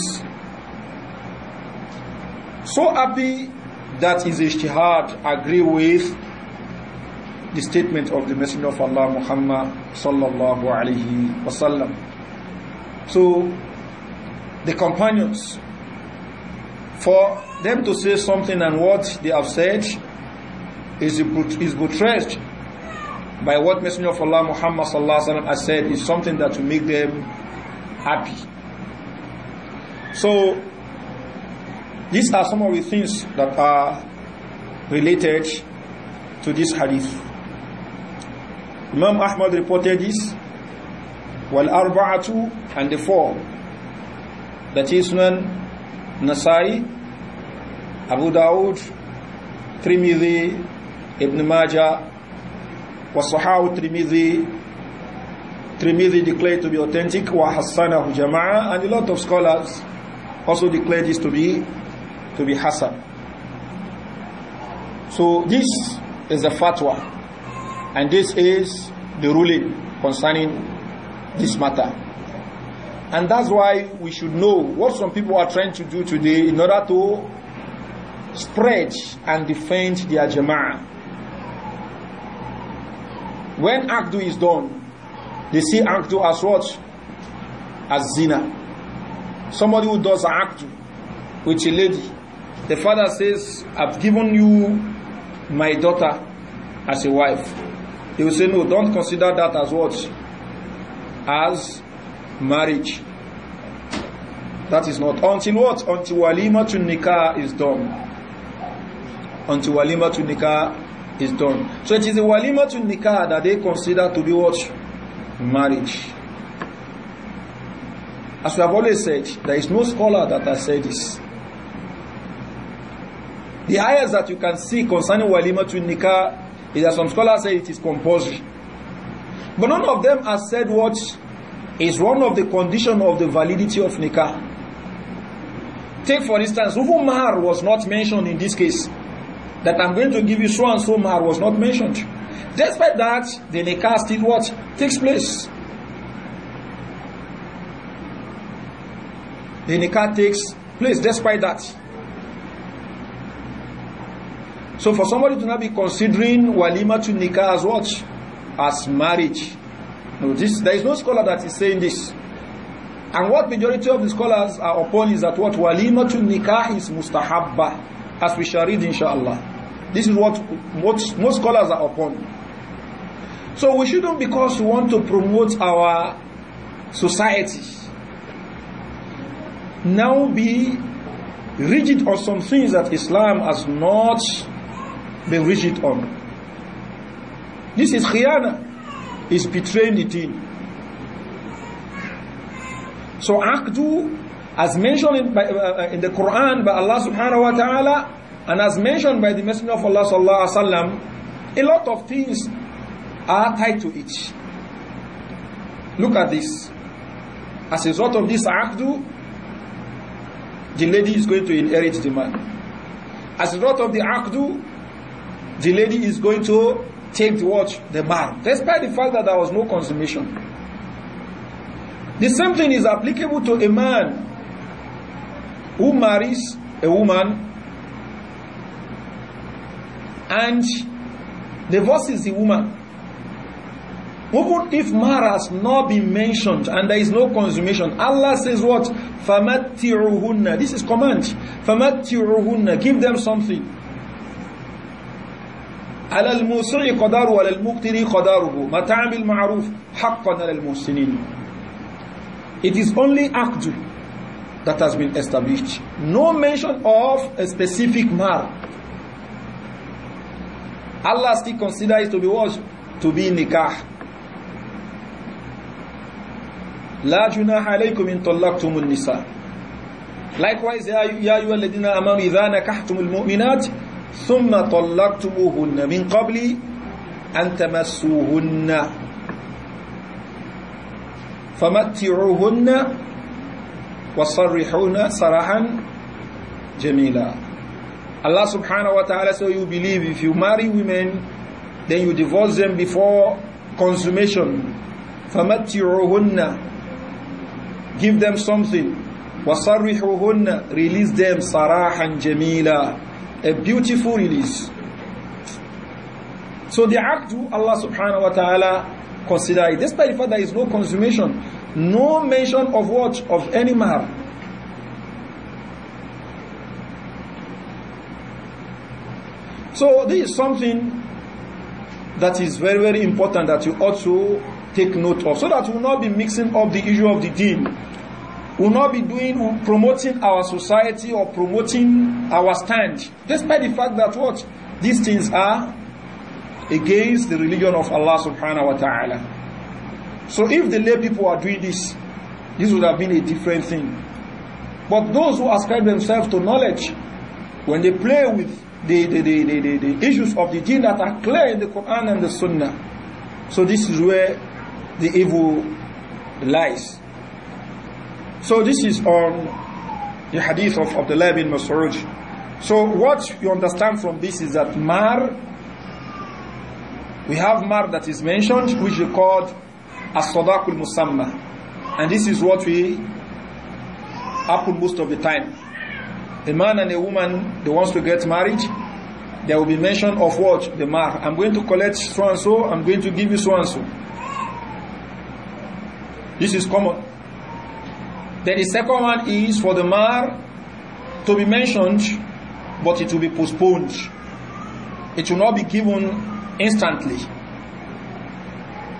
So happy that his ijtihad agree with the statement of the Messenger of Allah Muhammad sallallahu alaihi wasallam. So the companions, for them to say something and what they have said is is buttressed by what Messenger of Allah Muhammad sallallahu alaihi wasallam has said is something that will make them happy. So these are some of the things that are related to this hadith. Imam Ahmad reported this. Wal arba'atu and the four. That is when Nasai, Abu Dawud, Trimidi, Ibn Majah, Wasahaw Trimidi, Trimidi declared to be authentic, wa Hassanahu Jama'a, and a lot of scholars also declared this to be to be Hassan. So this is a fatwa and this is the ruling concerning this matter. And that's why we should know what some people are trying to do today in order to spread and defend their jama'ah. When Akdu is done, they see Akdu as what? As zina. Somebody who does Akdu with a lady, the father says, I've given you my daughter as a wife. He will say, no, don't consider that as what? As marriage. That is not. Until what? Until walima to nikah is done. Until walima to nikah is done. So it is the walima to nikah that they consider to be what? Marriage. As we have always said, there is no scholar that has said this. The ayahs that you can see concerning walima to nikah is that some scholars say it is compulsory. But none of them has said what is one of the condition of the validity of nikah. Take for instance, even mahar was not mentioned in this case. That I'm going to give you so and so mahar was not mentioned. Despite that, the nikah still what takes place. The nikah takes place despite that. So for somebody to not be considering walima to nikah as what? As marriage. No, this, there is no scholar that is saying this. And what majority of the scholars are upon is that what walima to nikah is mustahabba, as we shall read inshallah. This is what most, most scholars are upon. So we shouldn't because we want to promote our society. Now be rigid on some things that Islam has not they wish it on. This is khiyana, is betraying the deen. So akdu, as mentioned in, by, uh, in the Quran by Allah subhanahu wa ta'ala, and as mentioned by the Messenger of Allah sallallahu alaihi wasallam, a lot of things are tied to it. Look at this. As a result of this akdu, the lady is going to inherit the man. As a result of the akdu, the lady is going to take the watch, the man, despite the fact that there was no consummation. The same thing is applicable to a man who marries a woman and divorces the woman. Even if marriage has not been mentioned and there is no consummation, Allah says what? فَمَتِّعُهُنَّ This is command. فَمَتِّعُهُنَّ Give them something. على الموسع قدره وعلى المقتر قدره ما تعمل معروف حقا على المحسنين It is only act that has been established. No mention of a specific mar. Allah still considers it to be what? To be nikah. لا جناح عليكم إن طلقتم النساء. Likewise, يا أيها الذين آمنوا إذا نكحتم المؤمنات ثم طلقتموهن من قبل أن تمسوهن فمتعوهن وصرحوهن صراحا جميلا Allah subhanahu wa ta'ala so you believe if you marry women then you divorce them before consummation فمتعوهن give them something وصرحوهن release them صراحا جميلا a beautiful release. So the act Allah subhanahu wa ta'ala consider it. Despite the fact there is no consummation, no mention of what? Of any mahar. So this is something that is very, very important that you ought to take note of so that you will not be mixing up the issue of the deen will not be doing uh, promoting our society or promoting our stand, despite the fact that what these things are against the religion of Allah subhanahu wa ta'ala. So if the lay people are doing this, this would have been a different thing. But those who ascribe themselves to knowledge, when they play with the, the, the, the, the issues of the deen that are clear in the Quran and the Sunnah, so this is where the evil lies. So this is on the hadith of Abdullah bin Mas'ud. So what you understand from this is that mar, we have mar that is mentioned, which is called as-sadaqul musamma. And this is what we happen most of the time. A man and a woman, they want to get married, there will be mention of what? The mar. I'm going to collect so and so, I'm going to give you so and so. This is common. Then the second one is for the mar to be mentioned, but it will be postponed. It will not be given instantly.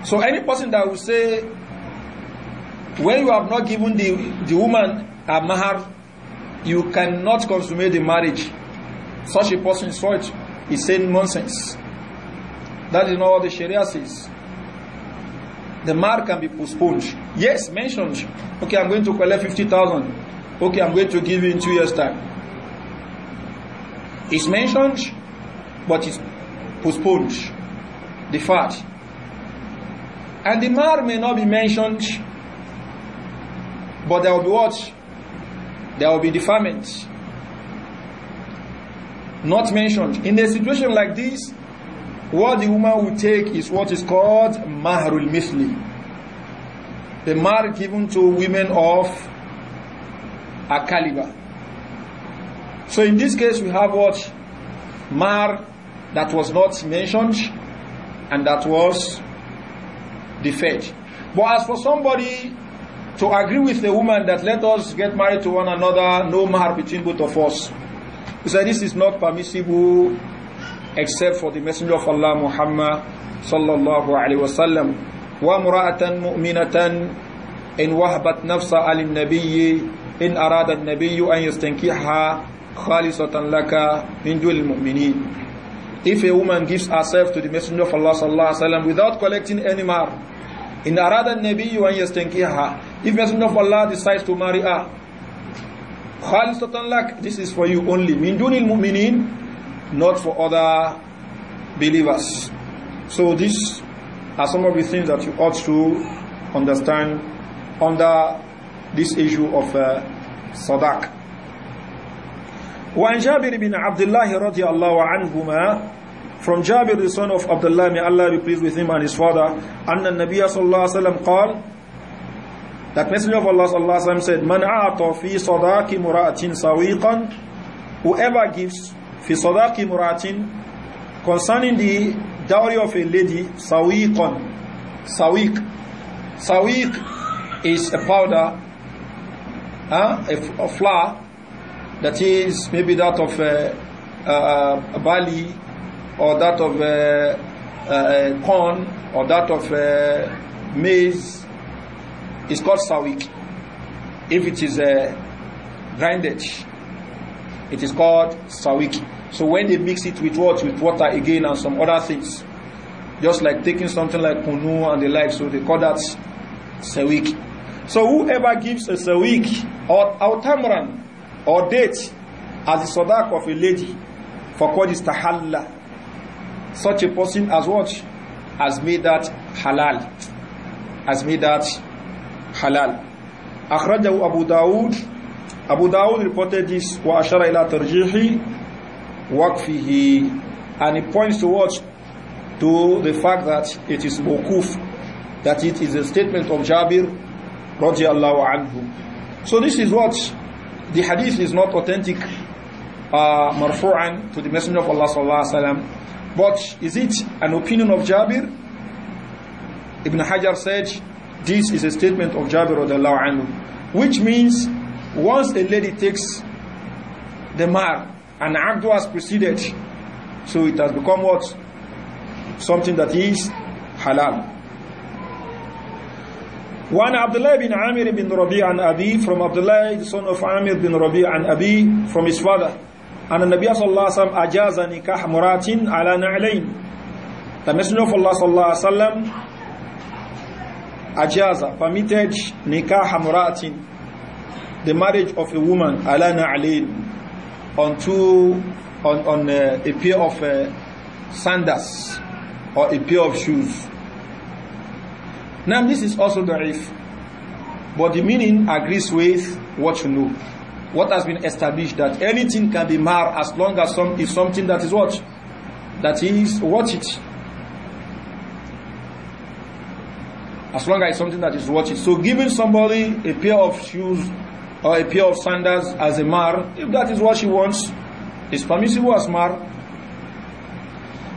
So any person that will say, when you have not given the, the woman a mahar, you cannot consummate the marriage. Such a person is what is saying nonsense. That is not what the Sharia says. the mark can be postponed. Yes, mentioned. Okay, I'm going to collect 50,000. Okay, I'm going to give you in two years' time. It's mentioned, but it's postponed. The fact. And the mark may not be mentioned, but there will be what? There will be deferment. Not mentioned. In a situation like this, what the woman will take is what is called mahrul misli, the mark given to women of a caliber. So in this case, we have what mar that was not mentioned and that was deferred. But as for somebody to agree with the woman that let us get married to one another, no mar between both of us, he said this is not permissible except for the Messenger of Allah Muhammad sallallahu alayhi wasallam. وامرأة مؤمنة إن وهبت نفسها للنبي إن أراد النبي أن يستنكحها خالصة لك من دون المؤمنين. If a woman gives herself to the Messenger of Allah sallallahu alayhi wasallam without collecting any mar, in أراد النبي أن يستنكحها, if Messenger of Allah decides to marry her, خالصة لك, this is for you only. من دون المؤمنين not for other believers. So these are some of the things that you ought to understand under this issue of uh, sadaq. وعن جابر بن عبد الله رضي الله عنهما from Jabir the son of Abdullah may Allah be pleased with him and his father أن النبي صلى الله عليه وسلم قال that messenger of Allah صلى الله عليه وسلم said من أعطى في صداق مرأة سويقا whoever gives fi sadaqi muratin concerning the dowry of a lady sawiqan sawiq sawiq is a powder huh? a, a flour that is maybe that of a, uh, a, uh, a barley or that of a, uh, a, corn or that of a maize is called sawiq if it is a grinded It is called sawik. So when they mix it with what? With water again and some other things. Just like taking something like kunu and the like. So they call that sawik. So whoever gives a sawik or autamran or date as the sadaq of a lady for called is tahalla. Such a person as what? Has made that halal. Has made that halal. أخرجه أبو داود Abu Dawud reported this wa ashara ila tarjihi waqfihi and it points towards to the fact that it is mawkuf that it is a statement of Jabir radiyallahu anhu so this is what the hadith is not authentic uh, marfu'an to the messenger of Allah sallallahu alaihi wasallam but is it an opinion of Jabir Ibn Hajar said this is a statement of Jabir radiyallahu anhu which means once a lady takes the mar and Abdu has preceded, so it has become what? Something that is halal. One Abdullah bin Amir bin Rabi' ربيع Abi from Abdullah the son of Amir bin Rabi' عن Abi from his father and the Nabi صلى الله عليه وسلم أجاز نكاح مرات على the messenger of Allah صلى الله عليه وسلم أجاز permitted nikah muratin the marriage of a woman alana alain on two on, on uh, a pair of uh, sandals or a pair of shoes now this is also da'if but the meaning agrees with what you know what has been established that anything can be mar as long as some is something that is what that is worth it as long as something that is worth it so giving somebody a pair of shoes or a pair of sandals as a mar, if that is what she wants, it's permissible as mar.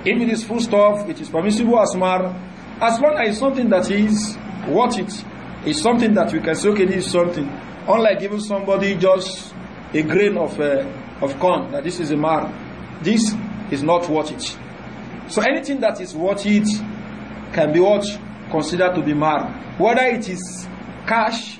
If it is stuff, it is permissible as mar. As long as it's something that is worth it, it's something that we can say, okay, this is something. Unlike giving somebody just a grain of, uh, of corn, that this is a mar. This is not worth it. So anything that is worth it can be what? Considered to be mar. Whether it is cash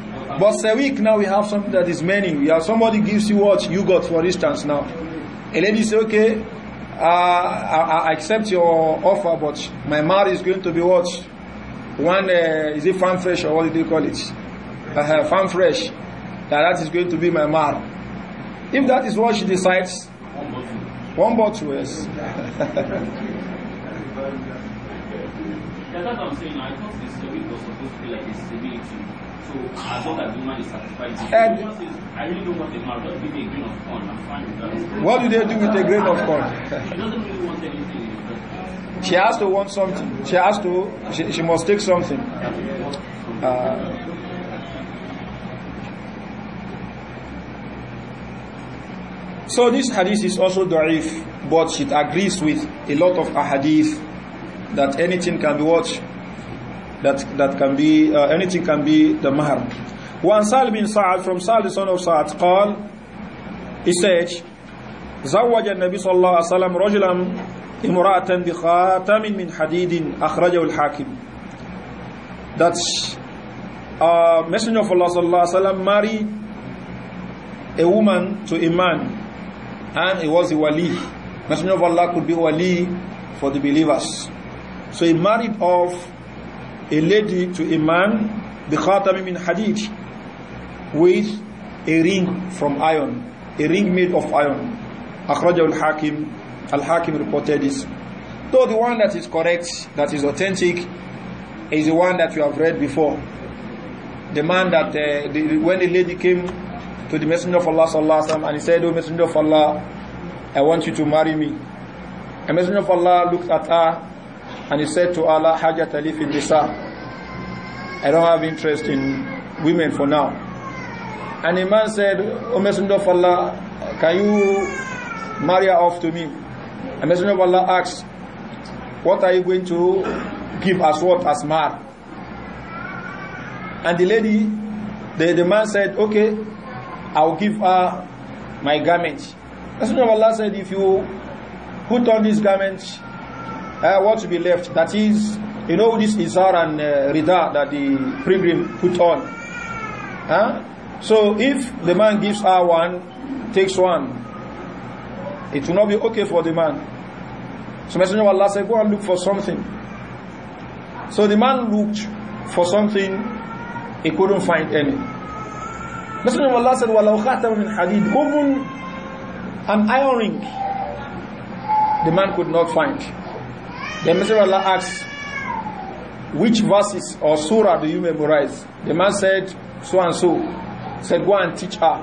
But week now we have something that is many. We have somebody gives you what you got, for instance, now. A lady say, okay, uh, I, I, accept your offer, but my marriage is going to be what? One, uh, is it farm fresh or what do you call it? Uh, farm fresh. That, that is going to be my mar. If that is what she decides, one bottle, yes. That's what I'm saying. I thought the Sewik was supposed to be like a stability. So woman is I really don't want a just give a grain of corn, I'm fine with that. What do they do with a grain of corn? she doesn't really want anything. She has to want something. She has to, she, she must take something. Uh, So this hadith is also da'if, but it agrees with a lot of ahadith that anything can be watched that that can be uh, anything can be the mahar. One Sal bin Sa'ad from Sa'ad the son of Sa'ad called. he said زوج النبي صلى الله عليه وسلم رجلا امرأة بخاتم من حديد أخرجه الحاكم that uh, messenger of Allah صلى الله عليه وسلم married a woman to a man and he was a wali messenger of Allah could be wali for the believers so he married off a lady to a man بِخَاتَمٍ مِنْ hadith, with a ring from iron, a ring made of iron. al Hakim, Al-Hakim reported this. Though the one that is correct, that is authentic, is the one that you have read before. The man that uh, the, when the lady came to the Messenger of Allah sallallahu alaihi and he said, "O Messenger of Allah, I want you to marry me." The Messenger of Allah looked at her And he said to Allah, Hajat Ali fi nisa. I don't have interest in women for now. And the man said, O Messenger of Allah, can you marry her off to me? And Messenger of Allah asked, What are you going to give as what? As mar? And the lady, the, the man said, Okay, I'll give her my garment. Messenger of Allah said, If you put on this garment, uh, what to be left? That is, you know, this Izar and uh, Rida that the pilgrim put on. Huh? So if the man gives her one, takes one, it will not be okay for the man. So Messenger of Allah said, go and look for something. So the man looked for something, he couldn't find any. Messenger of Allah said, وَلَوْ خَاتَمَ مِنْ حَدِيدٍ Even an iron ring, the man could not find. The Messenger of Allah asked, Which verses or surah do you memorize? The man said, So and so. said, Go and teach her.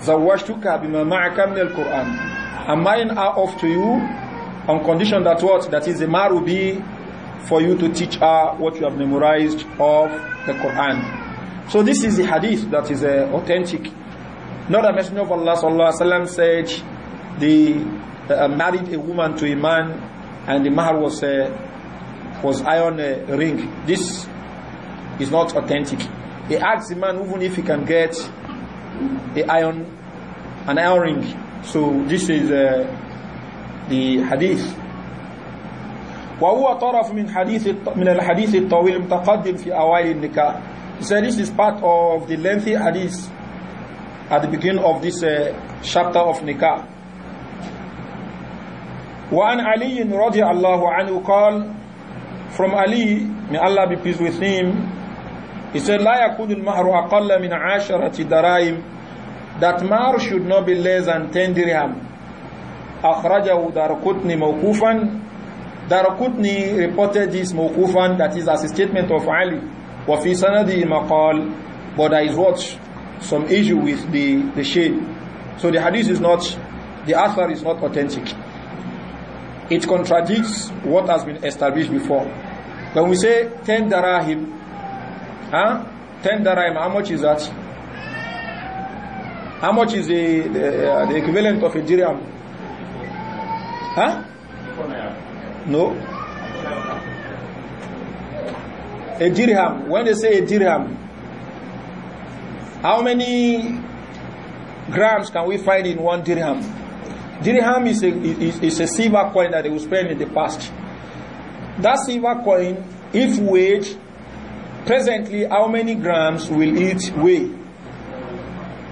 Zawashtuka bima ma'aka min al-Quran. Am mine are off to you on condition that what? That is the mar be for you to teach her what you have memorized of the Quran. So this is the hadith that is uh, authentic. Not a messenger of Allah sallallahu alaihi wasallam said, they uh, married a woman to a man and the mahar was uh, was iron uh, ring. This is not authentic. He asked the man even if he can get a iron an iron ring. So this is uh, the hadith. وهو طرف من حديث من الحديث الطويل المتقدم في أوائل النكاح. He said this is part of the lengthy hadith at the beginning of this uh, chapter of nikah. وعن علي رضي الله عنه قال from Ali may Allah be pleased with him he said لا يكون المهر أقل من عشرة دراهم that mar should not be less than 10 dirham أخرجه قطني موقوفا قطني reported this موقوفا that is as a statement of Ali. وَفِي سَنَدِ مَقَال But there is what? Some issue with the, the shade. So the hadith is not, the author is not authentic. it contradicts what has been established before. When we say 10 darahim, huh? 10 darahim, how much is that? How much is the, the, uh, the equivalent of a dirham? Huh? No. A dirham. When they say a dirham, how many grams can we find in one dirham? Dirham is a, is, is a silver coin that they will spend in the past. That silver coin, if weighed presently, how many grams will it weigh?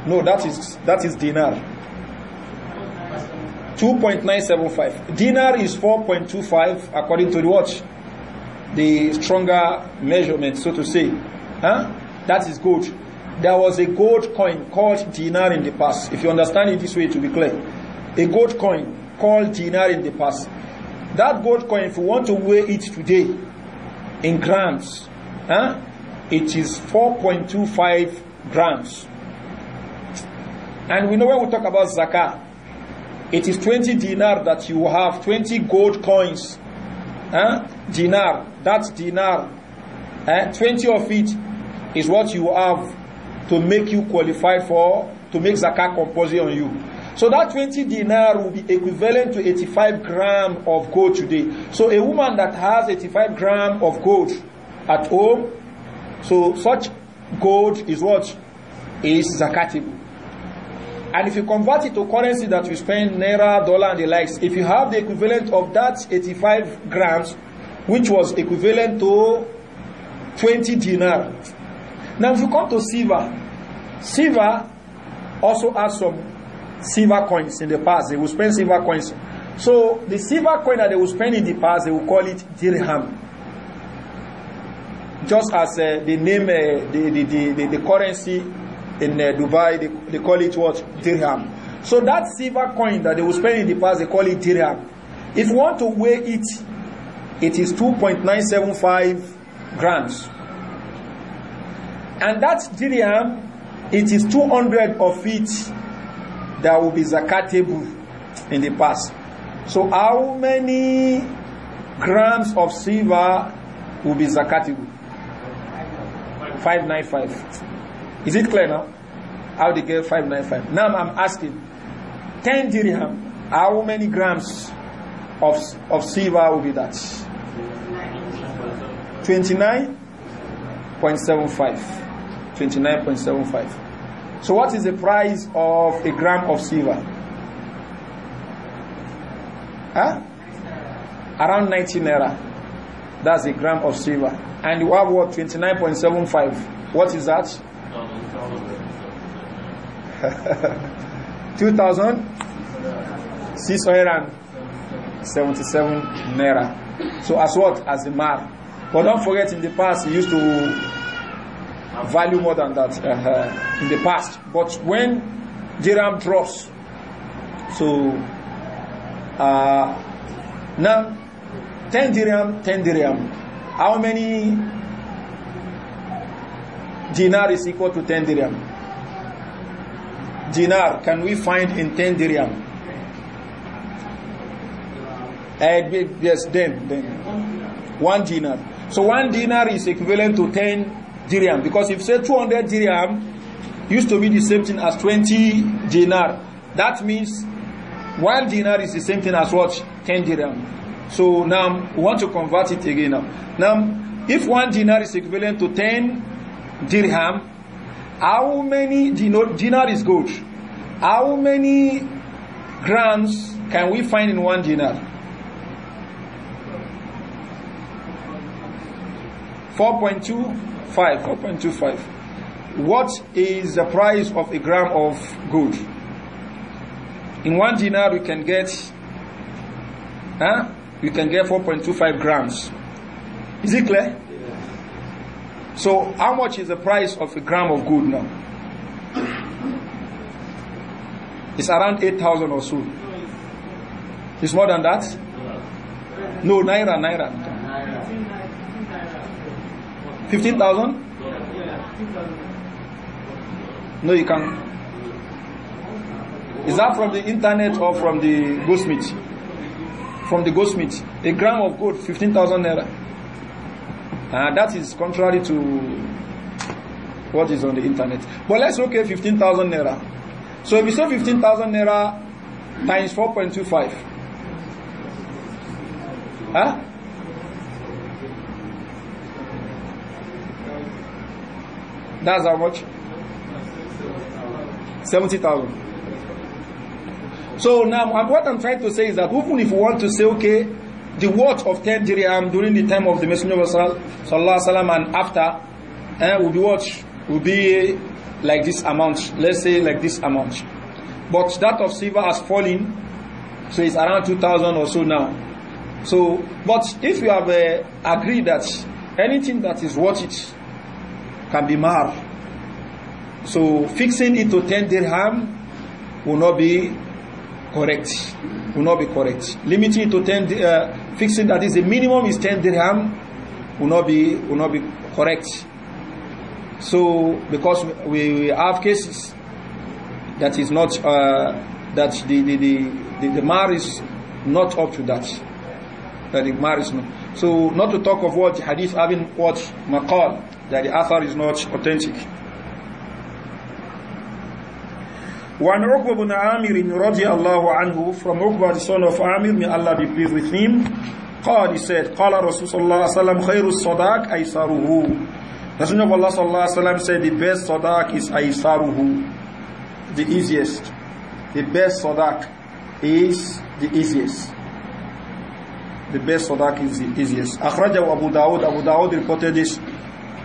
No, that is that is dinar. 2.975. Dinar is 4.25 according to the watch. The stronger measurement, so to say. Huh? That is gold. There was a gold coin called dinar in the past. If you understand it this way, to be clear a gold coin called dinar in the past. That gold coin, if you want to weigh it today in grams, huh, it is 4.25 grams. And we know when we talk about zakah, it is 20 dinar that you have, 20 gold coins. Huh? Dinar, that's dinar. Eh? 20 of it is what you have to make you qualify for, to make zakah compulsory on you. So that 20 dinar will be equivalent to 85 gram of gold today. So a woman that has 85 gram of gold at home, so such gold is what? Is zakatable. And if you convert it to currency that you spend naira, dollar, and the likes, if you have the equivalent of that 85 grams, which was equivalent to 20 dinar. Now, if you come to silver, silver also has some silver coins in the past. They will spend silver coins. So the silver coin that they will spend in the past, they will call it dirham. Just as uh, name uh, the, the, the, the, currency in uh, Dubai, they, they call it what? Dirham. So that silver coin that they will spend in the past, they call it dirham. If you want to weigh it, it is 2.975 grams. And that dirham, it is 200 of it that will be zakatable in the past. So how many grams of silver will be zakatable? 595. Is it clear now? How they get 595? Now I'm asking 10 dirham, how many grams of, of silver will be that? 29.75. 29.75. So what is the price of a gram of silver? Huh? Around 90 naira. That's a gram of silver. And you have what? 29.75. What is that? 2,677 naira. So as what? As a mark? But don't forget in the past, you used to value more than that uh, in the past. But when dirham drops, so uh, now 10 dirham, 10 dirham. How many dinar is equal to 10 dirham? Dinar, can we find in 10 dirham? Uh, yes, then, then. One dinar. So one dinar is equivalent to 10 dirham. Because if say 200 dirham used to be the same thing as 20 dinar, that means one dinar is the same thing as what? 10 dirham. So now we want to convert it again now. Now, if one dinar is equivalent to 10 dirham, how many dinar is good? How many grams can we find in one dinar? 4.2 5, 4.25. What is the price of a gram of gold? In one dinar, we can get, huh? We can get 4.25 grams. Is it clear? Yeah. So, how much is the price of a gram of gold now? It's around 8,000 or so. It's more than that? No, naira, naira. Fifteen thousand? No, you can. Is that from the internet or from the goldsmith? From the goldsmith. A gram of gold, fifteen thousand naira. Uh, that is contrary to what is on the internet. But let's okay, fifteen thousand naira. So if you say thousand naira times five. huh? That's how much? 70,000. So now, what I'm trying to say is that even if you want to say, okay, the worth of 10 dirham during the time of the Messenger of Allah sallam, and after eh, will be what? Will be like this amount. Let's say like this amount. But that of silver has fallen, so it's around 2,000 or so now. So, but if you have uh, agreed that anything that is worth it, can be mar. So fixing it to 10 dirham will not be correct. Will not be correct. Limiting it to 10, uh, fixing that is the minimum is 10 dirham will not be, will not be correct. So because we, we have cases that is not, uh, that the, the, the, the, the mar is not up to that. That the mar is not. So not to talk of what hadith having what maqal that the Athar is not authentic. وعن عقبة بن عامر رضي الله عنه from Uqba the son of Amir may Allah be pleased with him قال he said قال رسول صلى الله عليه وسلم خير الصداق أيسره Messenger of Allah صلى الله عليه وسلم said the best صداق is أيسره the easiest the best صداق is the easiest the best صداق is the easiest أخرجه أبو داود أبو داود reported this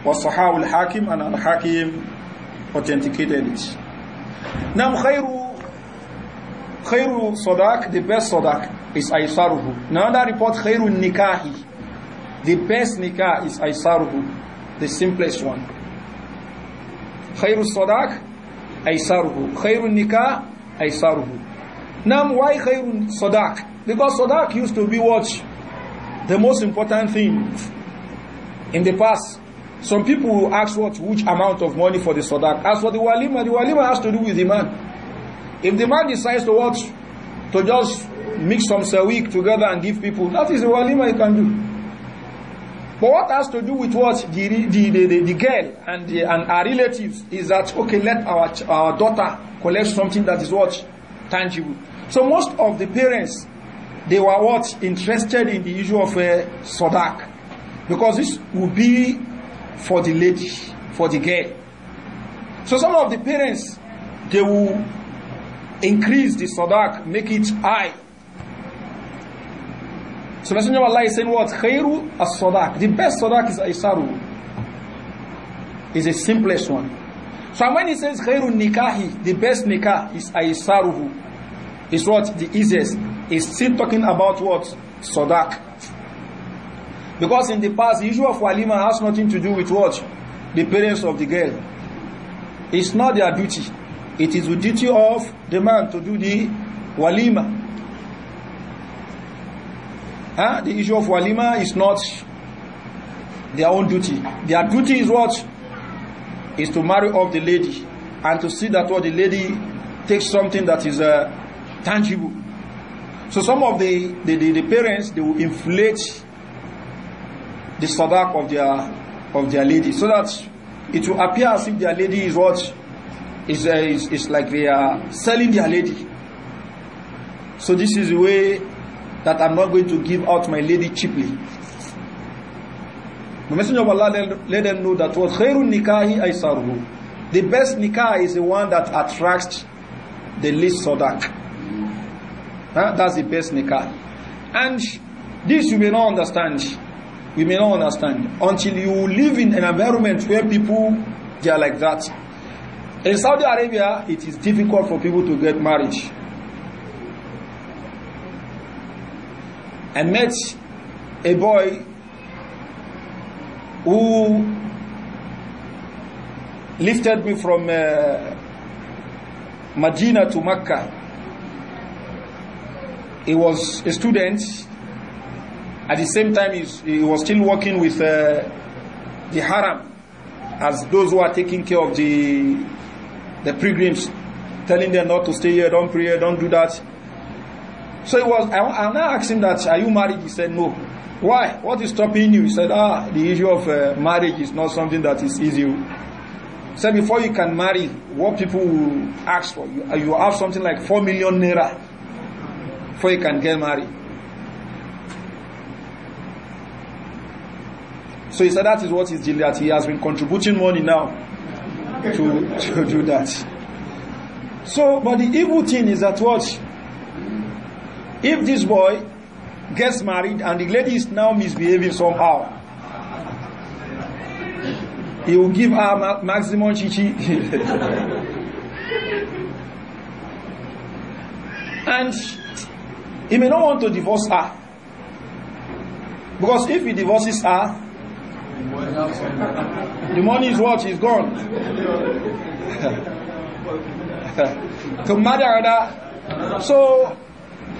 was Sahawul Hakim and Al Hakim authenticated it. Now, Khairu, Khairu Sadak, the best صداق is Aisaruhu. Now, that report Khairu Nikahi, the best Nikah is Aisaruhu, the simplest one. Khairu Sadak, Aisaruhu. Khairu Nikah, Aisaruhu. Now, why Khairu صداق? Because صداق used to be what? The most important thing in the past Some people will ask what which amount of money for the sadaq. As for the walima, the walima has to do with the man. If the man decides to what to just mix some sawiq together and give people, that is the walima he can do. But what has to do with what the the, the, the, the girl and the, and our relatives is that okay, let our our daughter collect something that is what tangible. So most of the parents they were what interested in the issue of a uh, sodak because this would be for the lady, for the girl. So some of the parents, they will increase the sadaq, make it high. So Messenger of Allah is saying what? Khairu as sadaq. The best sadaq is Aisaru. Is the simplest one. So when he says khairu nikahi, the best nikah is Aisaruhu. Is what? The easiest. Is still talking about what? Sadaq. Because in the past, the issue of walima has nothing to do with what? The parents of the girl. It's not their duty. It is the duty of the man to do the walima. Huh? The issue of walima is not their own duty. Their duty is what? Is to marry off the lady and to see that what the lady takes something that is uh, tangible. So some of the, the, the, the parents, they will inflate the sadaq of their of their lady, so that it will appear as if their lady is what is uh, is, is like they are selling their lady. So this is the way that I'm not going to give out my lady cheaply. The Messenger of Allah let them know that what khairun nikahi aisaruhu. The best nikah is the one that attracts the least sadaq. Huh? That's the best nikah. And this you may not understand. We may not understand until you live in an environment where people they are like that. In Saudi Arabia, it is difficult for people to get married. I met a boy who lifted me from uh, Medina to Mecca. He was a student at the same time, he was still working with uh, the haram as those who are taking care of the, the pilgrims, telling them not to stay here, don't pray here, don't do that. So he was, I, I now asked him that, are you married? He said, no. Why? What is stopping you? He said, ah, the issue of uh, marriage is not something that is easy. He said, before you can marry, what people will ask for, you, you have something like 4 million naira before you can get married. So he said that is what is the that he has been contributing money now to, to do that. So, but the evil thing is that what? If this boy gets married and the lady is now misbehaving somehow, he will give her ma maximum chichi. and he may not want to divorce her. Because if he divorces her, The money is what? Is gone. to murder other. So,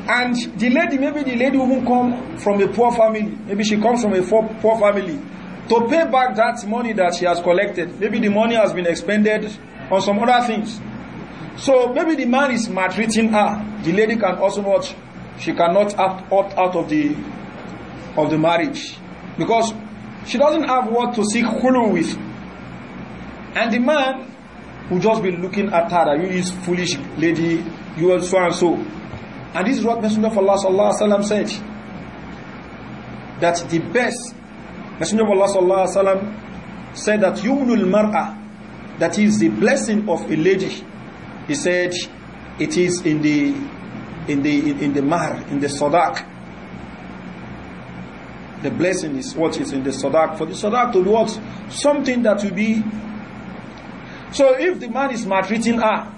and the lady, maybe the lady who come from a poor family, maybe she comes from a poor family, to pay back that money that she has collected. Maybe the money has been expended on some other things. So maybe the man is maltreating her. The lady can also not, she cannot opt out of the of the marriage because she doesn't have what to seek hulu with. And the man will just be looking at her, you is foolish lady, you are so and so. And this is what Messenger of Allah sallallahu alaihi wasallam said. That the best, Messenger of Allah sallallahu alaihi wasallam said that yumnul mar'a, that is the blessing of a lady. He said, it is in the in the in, the mahr, in the sadaq the blessing is what is in the sadaq. For the sadaq to be Something that will be. So if the man is maltreating her,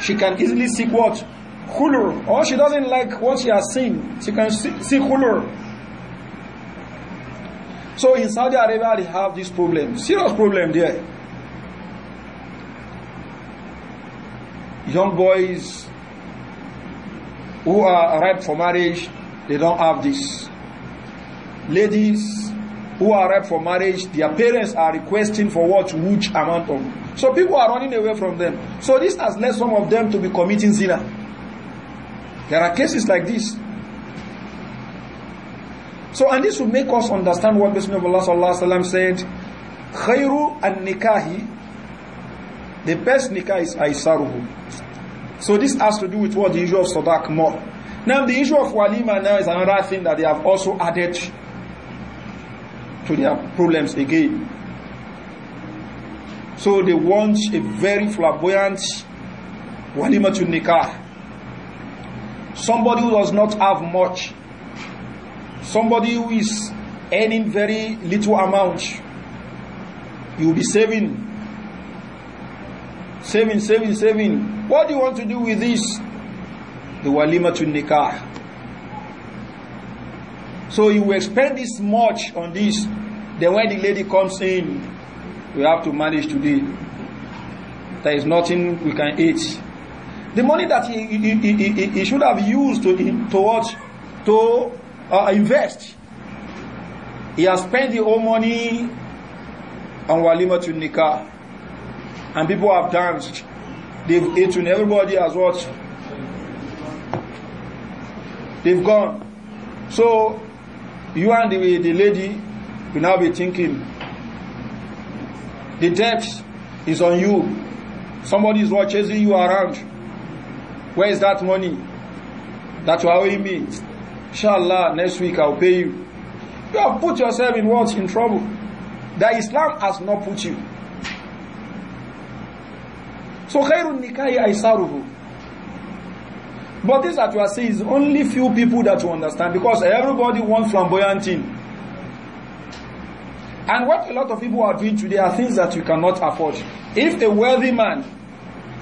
she can easily seek what? Hulur. Or she doesn't like what she has seen. She can seek hulur. So in Saudi Arabia, they have this problem, serious problem there. Young boys who are ripe for marriage, they don't have this ladies who are ripe for marriage, their parents are requesting for what, which amount of. So people are running away from them. So this has led some of them to be committing zina. There are cases like this. So, and this will make us understand what Messenger of Allah sallallahu alaihi wasallam said: "Khairu an nikahi." The best nikah is aisaruhu. So this has to do with what the issue of sadaq more. Now the issue of walima now is another thing that they have also added to their problems again. So they want a very flamboyant walima to nikah. Somebody who does not have much. Somebody who is earning very little amount. You will be saving. Saving, saving, saving. What do you want to do with this? The walima to nikah. So you will spend this much on this. Then when the lady comes in, we have to manage today. There is nothing we can eat. The money that he, he, he, he should have used to, to, what, to uh, invest, he has spent the whole money on Walima to Nikah. And people have danced. They've eaten. Everybody has watched. They've gone. So you and the, the lady will now be thinking the debt is on you somebody is what chasing you around where is that money that you are owing me inshallah next week i'll pay you you have put yourself in what in trouble that islam has not put you so khairun nikahi aisaruhu But this that you are saying is only few people that you understand because everybody wants flamboyant thing. And what a lot of people are doing today are things that you cannot afford. If a wealthy man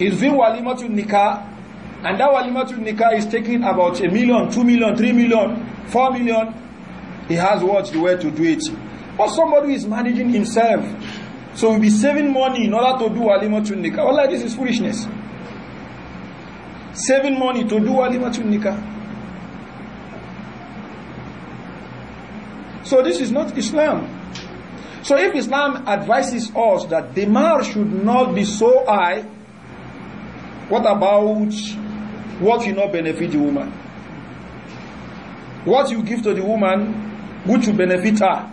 is doing walimatu nikah, and that walimatu nikah is taking about a million, two million, three million, four million, he has what the way to do it. Or somebody is managing himself, so he'll be saving money in order to do walimatu nikah. Allah, this is foolishness saving money to do walimatun nikah so this is not islam so if islam advises us that the mar should not be so high what about what will not benefit the woman what you give to the woman which will benefit her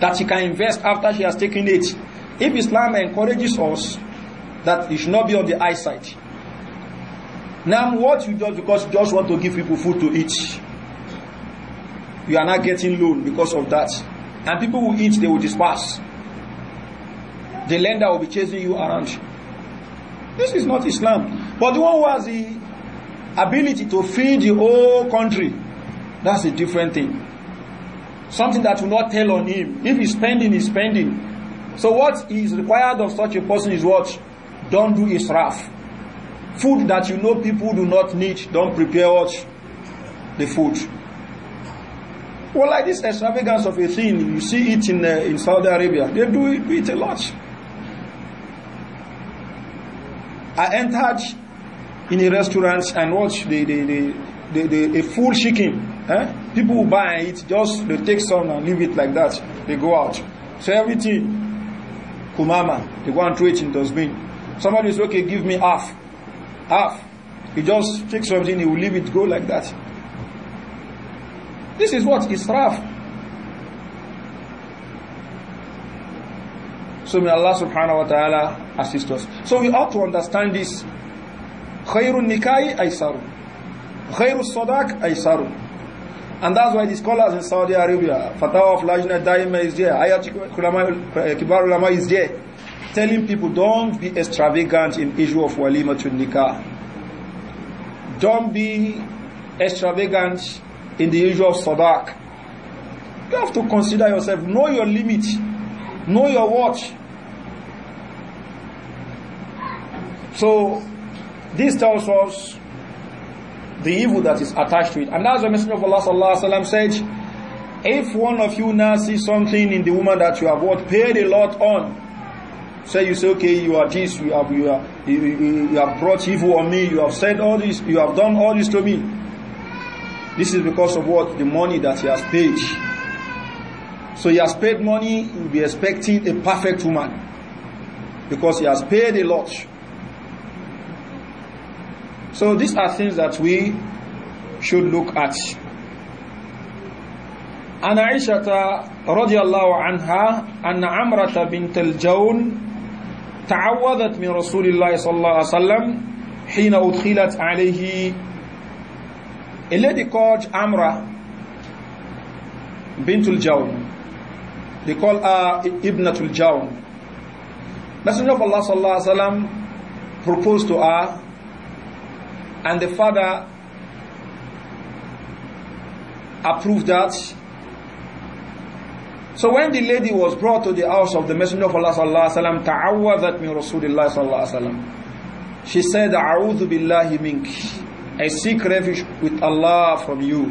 that she can invest after she has taken it if islam encourages us that it should not be on the eyesight Now, what you just because you just want to give people food to eat, you are not getting loan because of that. And people will eat, they will disperse. The lender will be chasing you around. This is not Islam. But the one who has the ability to feed the whole country, that's a different thing. Something that will not tell on him. If he's spending, he's spending. So what is required of such a person is what? Don't do israf. Food that you know people do not need, don't prepare us the food. Well, like this extravagance of a thing, you see it in, uh, in Saudi Arabia. They do it, do it a lot. I entered in a restaurant and watched the, the, the, the, the full chicken. Eh? People who buy it, just they take some and leave it like that. They go out. So everything, kumama, they go and throw it in dustbin. Somebody says, okay, give me half half. He just takes something, he will leave it go like that. This is what israf. So may Allah subhanahu wa ta'ala assist us. So we ought to understand this. Khairun Nikai aysaru. Khairun Sodak aysaru. And that's why the scholars in Saudi Arabia, Fatwa of Lajna Daima is there, Ayat Kibar Ulama is there telling people don't be extravagant in issue of walima to nikah. Don't be extravagant in the issue of sadaq. You have to consider yourself, know your limit, know your watch. So this tells us the evil that is attached to it. And that's the Messenger of Allah sallallahu alaihi wasallam said, if one of you now sees something in the woman that you have what paid a lot on, Say you say, okay, you are this, you have you are you, you, have brought evil on me, you have said all this, you have done all this to me. This is because of what the money that he has paid. So he has paid money, he will be expecting a perfect woman because he has paid a lot. So these are things that we should look at. عن عائشة رضي الله عنها أن عمرة بنت الجون تعوذت من رسول الله صلى الله عليه وسلم حين أدخلت عليه الذي lady called Amra bint al they call her Ibnat al-Jawn Messenger of Allah صلى الله عليه وسلم proposed to her and the father approved that so when the lady was brought to the house of the Messenger of Allah sallallahu alaihi wasallam, ta'awwadhat min Rasulillah sallallahu wasallam. She said, "A'udhu billahi mink." I seek refuge with Allah from you.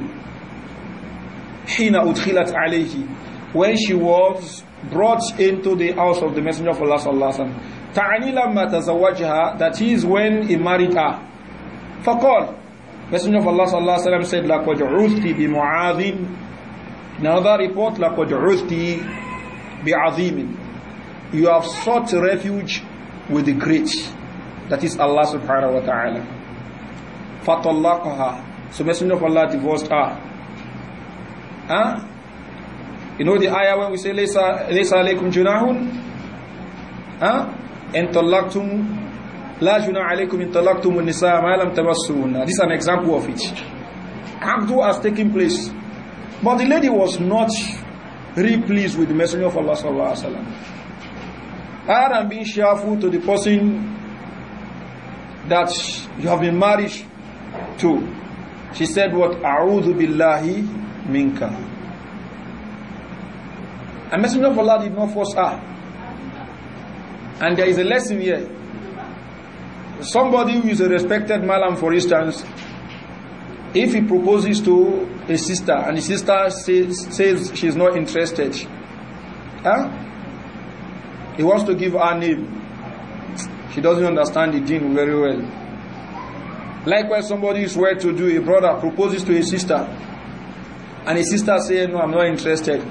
Hina udkhilat alayhi. When she was brought into the house of the Messenger of Allah sallallahu alaihi wasallam, ta'ani that is when he married her. فقال Messenger of Allah sallallahu alaihi wasallam said, "لَقَدْ عُذْتِ بِمُعَاذٍ now that report, You have sought refuge with the great, that is Allah subhanahu wa ta'ala. Fatallaqaha. So Messenger of Allah divorced her. You know the ayah when we say, Laysa alaykum junahun? Huh? Entallaqtum. La junah alaykum entallaqtum unnisa ma'alam tabassuhunna. This is an example of it. Abdu has taken place. But the lady was not really pleased with the Messenger of Allah sallallahu alaihi wasallam. Rather than being cheerful to the person that you have been married to, she said, "What a'udhu billahi minka." A Messenger of Allah did not force her. And there is a lesson here. Somebody who is a respected malam, for instance, if he proposes to a sister and the sister says, says she's not interested, huh? he wants to give her name. She doesn't understand the deen very well. Likewise, somebody is where to do, a brother proposes to a sister, and his sister says, No, I'm not interested.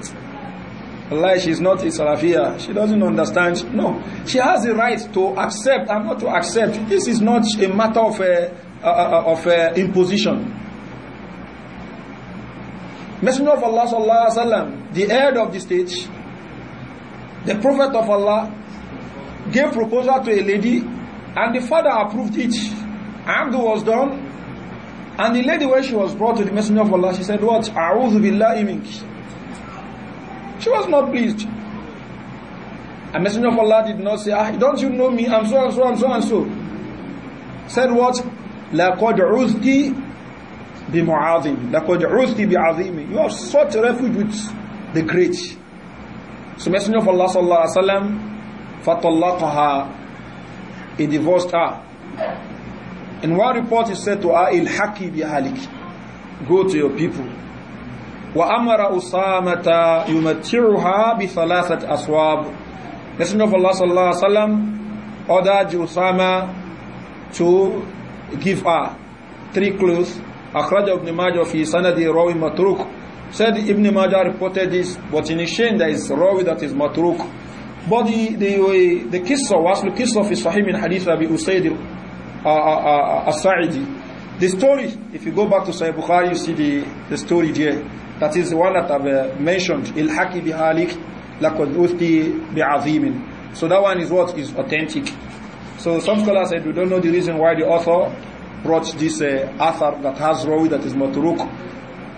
Allah, she's not a Salafia. She doesn't understand. No, she has the right to accept and not to accept. This is not a matter of, a, uh, uh, uh, of a imposition. Messenger of Allah sallallahu alaihi wasallam, the head of the state, the prophet of Allah, gave proposal to a lady, and the father approved it. Abdu was done, and the lady when she was brought to the Messenger of Allah, she said, "What? A'udhu billahi mink." She was not pleased. A Messenger of Allah did not say, ah, "Don't you know me? I'm so and so and so and so." Said what? "Laqad uzti بمعظم لقد عزت بعظيم You have sought refuge with the great. So Messenger of Allah صلى الله عليه وسلم فطلقها He divorced her. In one report he said to her, الحكي bihalik. Go to your people. وأمر أسامة يمتعها بثلاثة أثواب. Messenger of Allah صلى الله عليه وسلم ordered Usama to give her three clothes أخرجه ابن ماجه في سندي rawi matruk said Ibn Majah reported this but in a chain there is rawi that is matruk but the the, the was the qissa of sahih in hadith Abi Usaid al-Sa'idi uh, uh, uh, the story if you go back to Sahih Bukhari you see the, the story there that is the one that I've uh, mentioned ilhaqi bi halik laqad uthi bi azimin so that one is what is authentic so some scholars said we don't know the reason why the author brought this uh, that has Rawi that is Maturuk.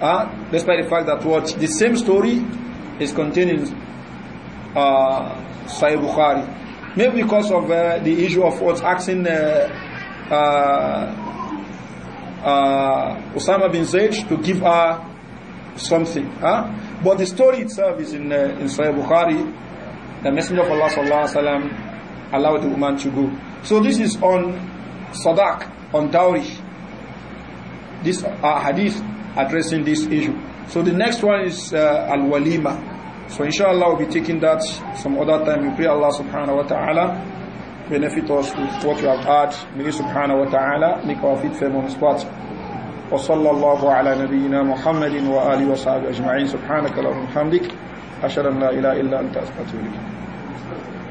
Uh, despite the fact that what the same story is contained in uh, Sahih Bukhari. Maybe because of uh, the issue of what's asking uh, uh, uh, Osama bin Zaid to give her something. Huh? But the story itself is in, in Sahih Bukhari. The Messenger of Allah sallallahu alaihi wasallam allowed the woman to go. So this is on Sadak on dowry. This uh, hadith addressing this issue. So the next one is uh, al-walima. So inshallah we'll be taking that some other time. We pray Allah subhanahu wa ta'ala benefit us with what you have heard. May subhanahu wa ta'ala make our feet firm on his path. وصلى الله على Muhammadin wa وآله wa أجمعين سبحانك اللهم وبحمدك أشهد أن لا إله إلا أنت أستغفرك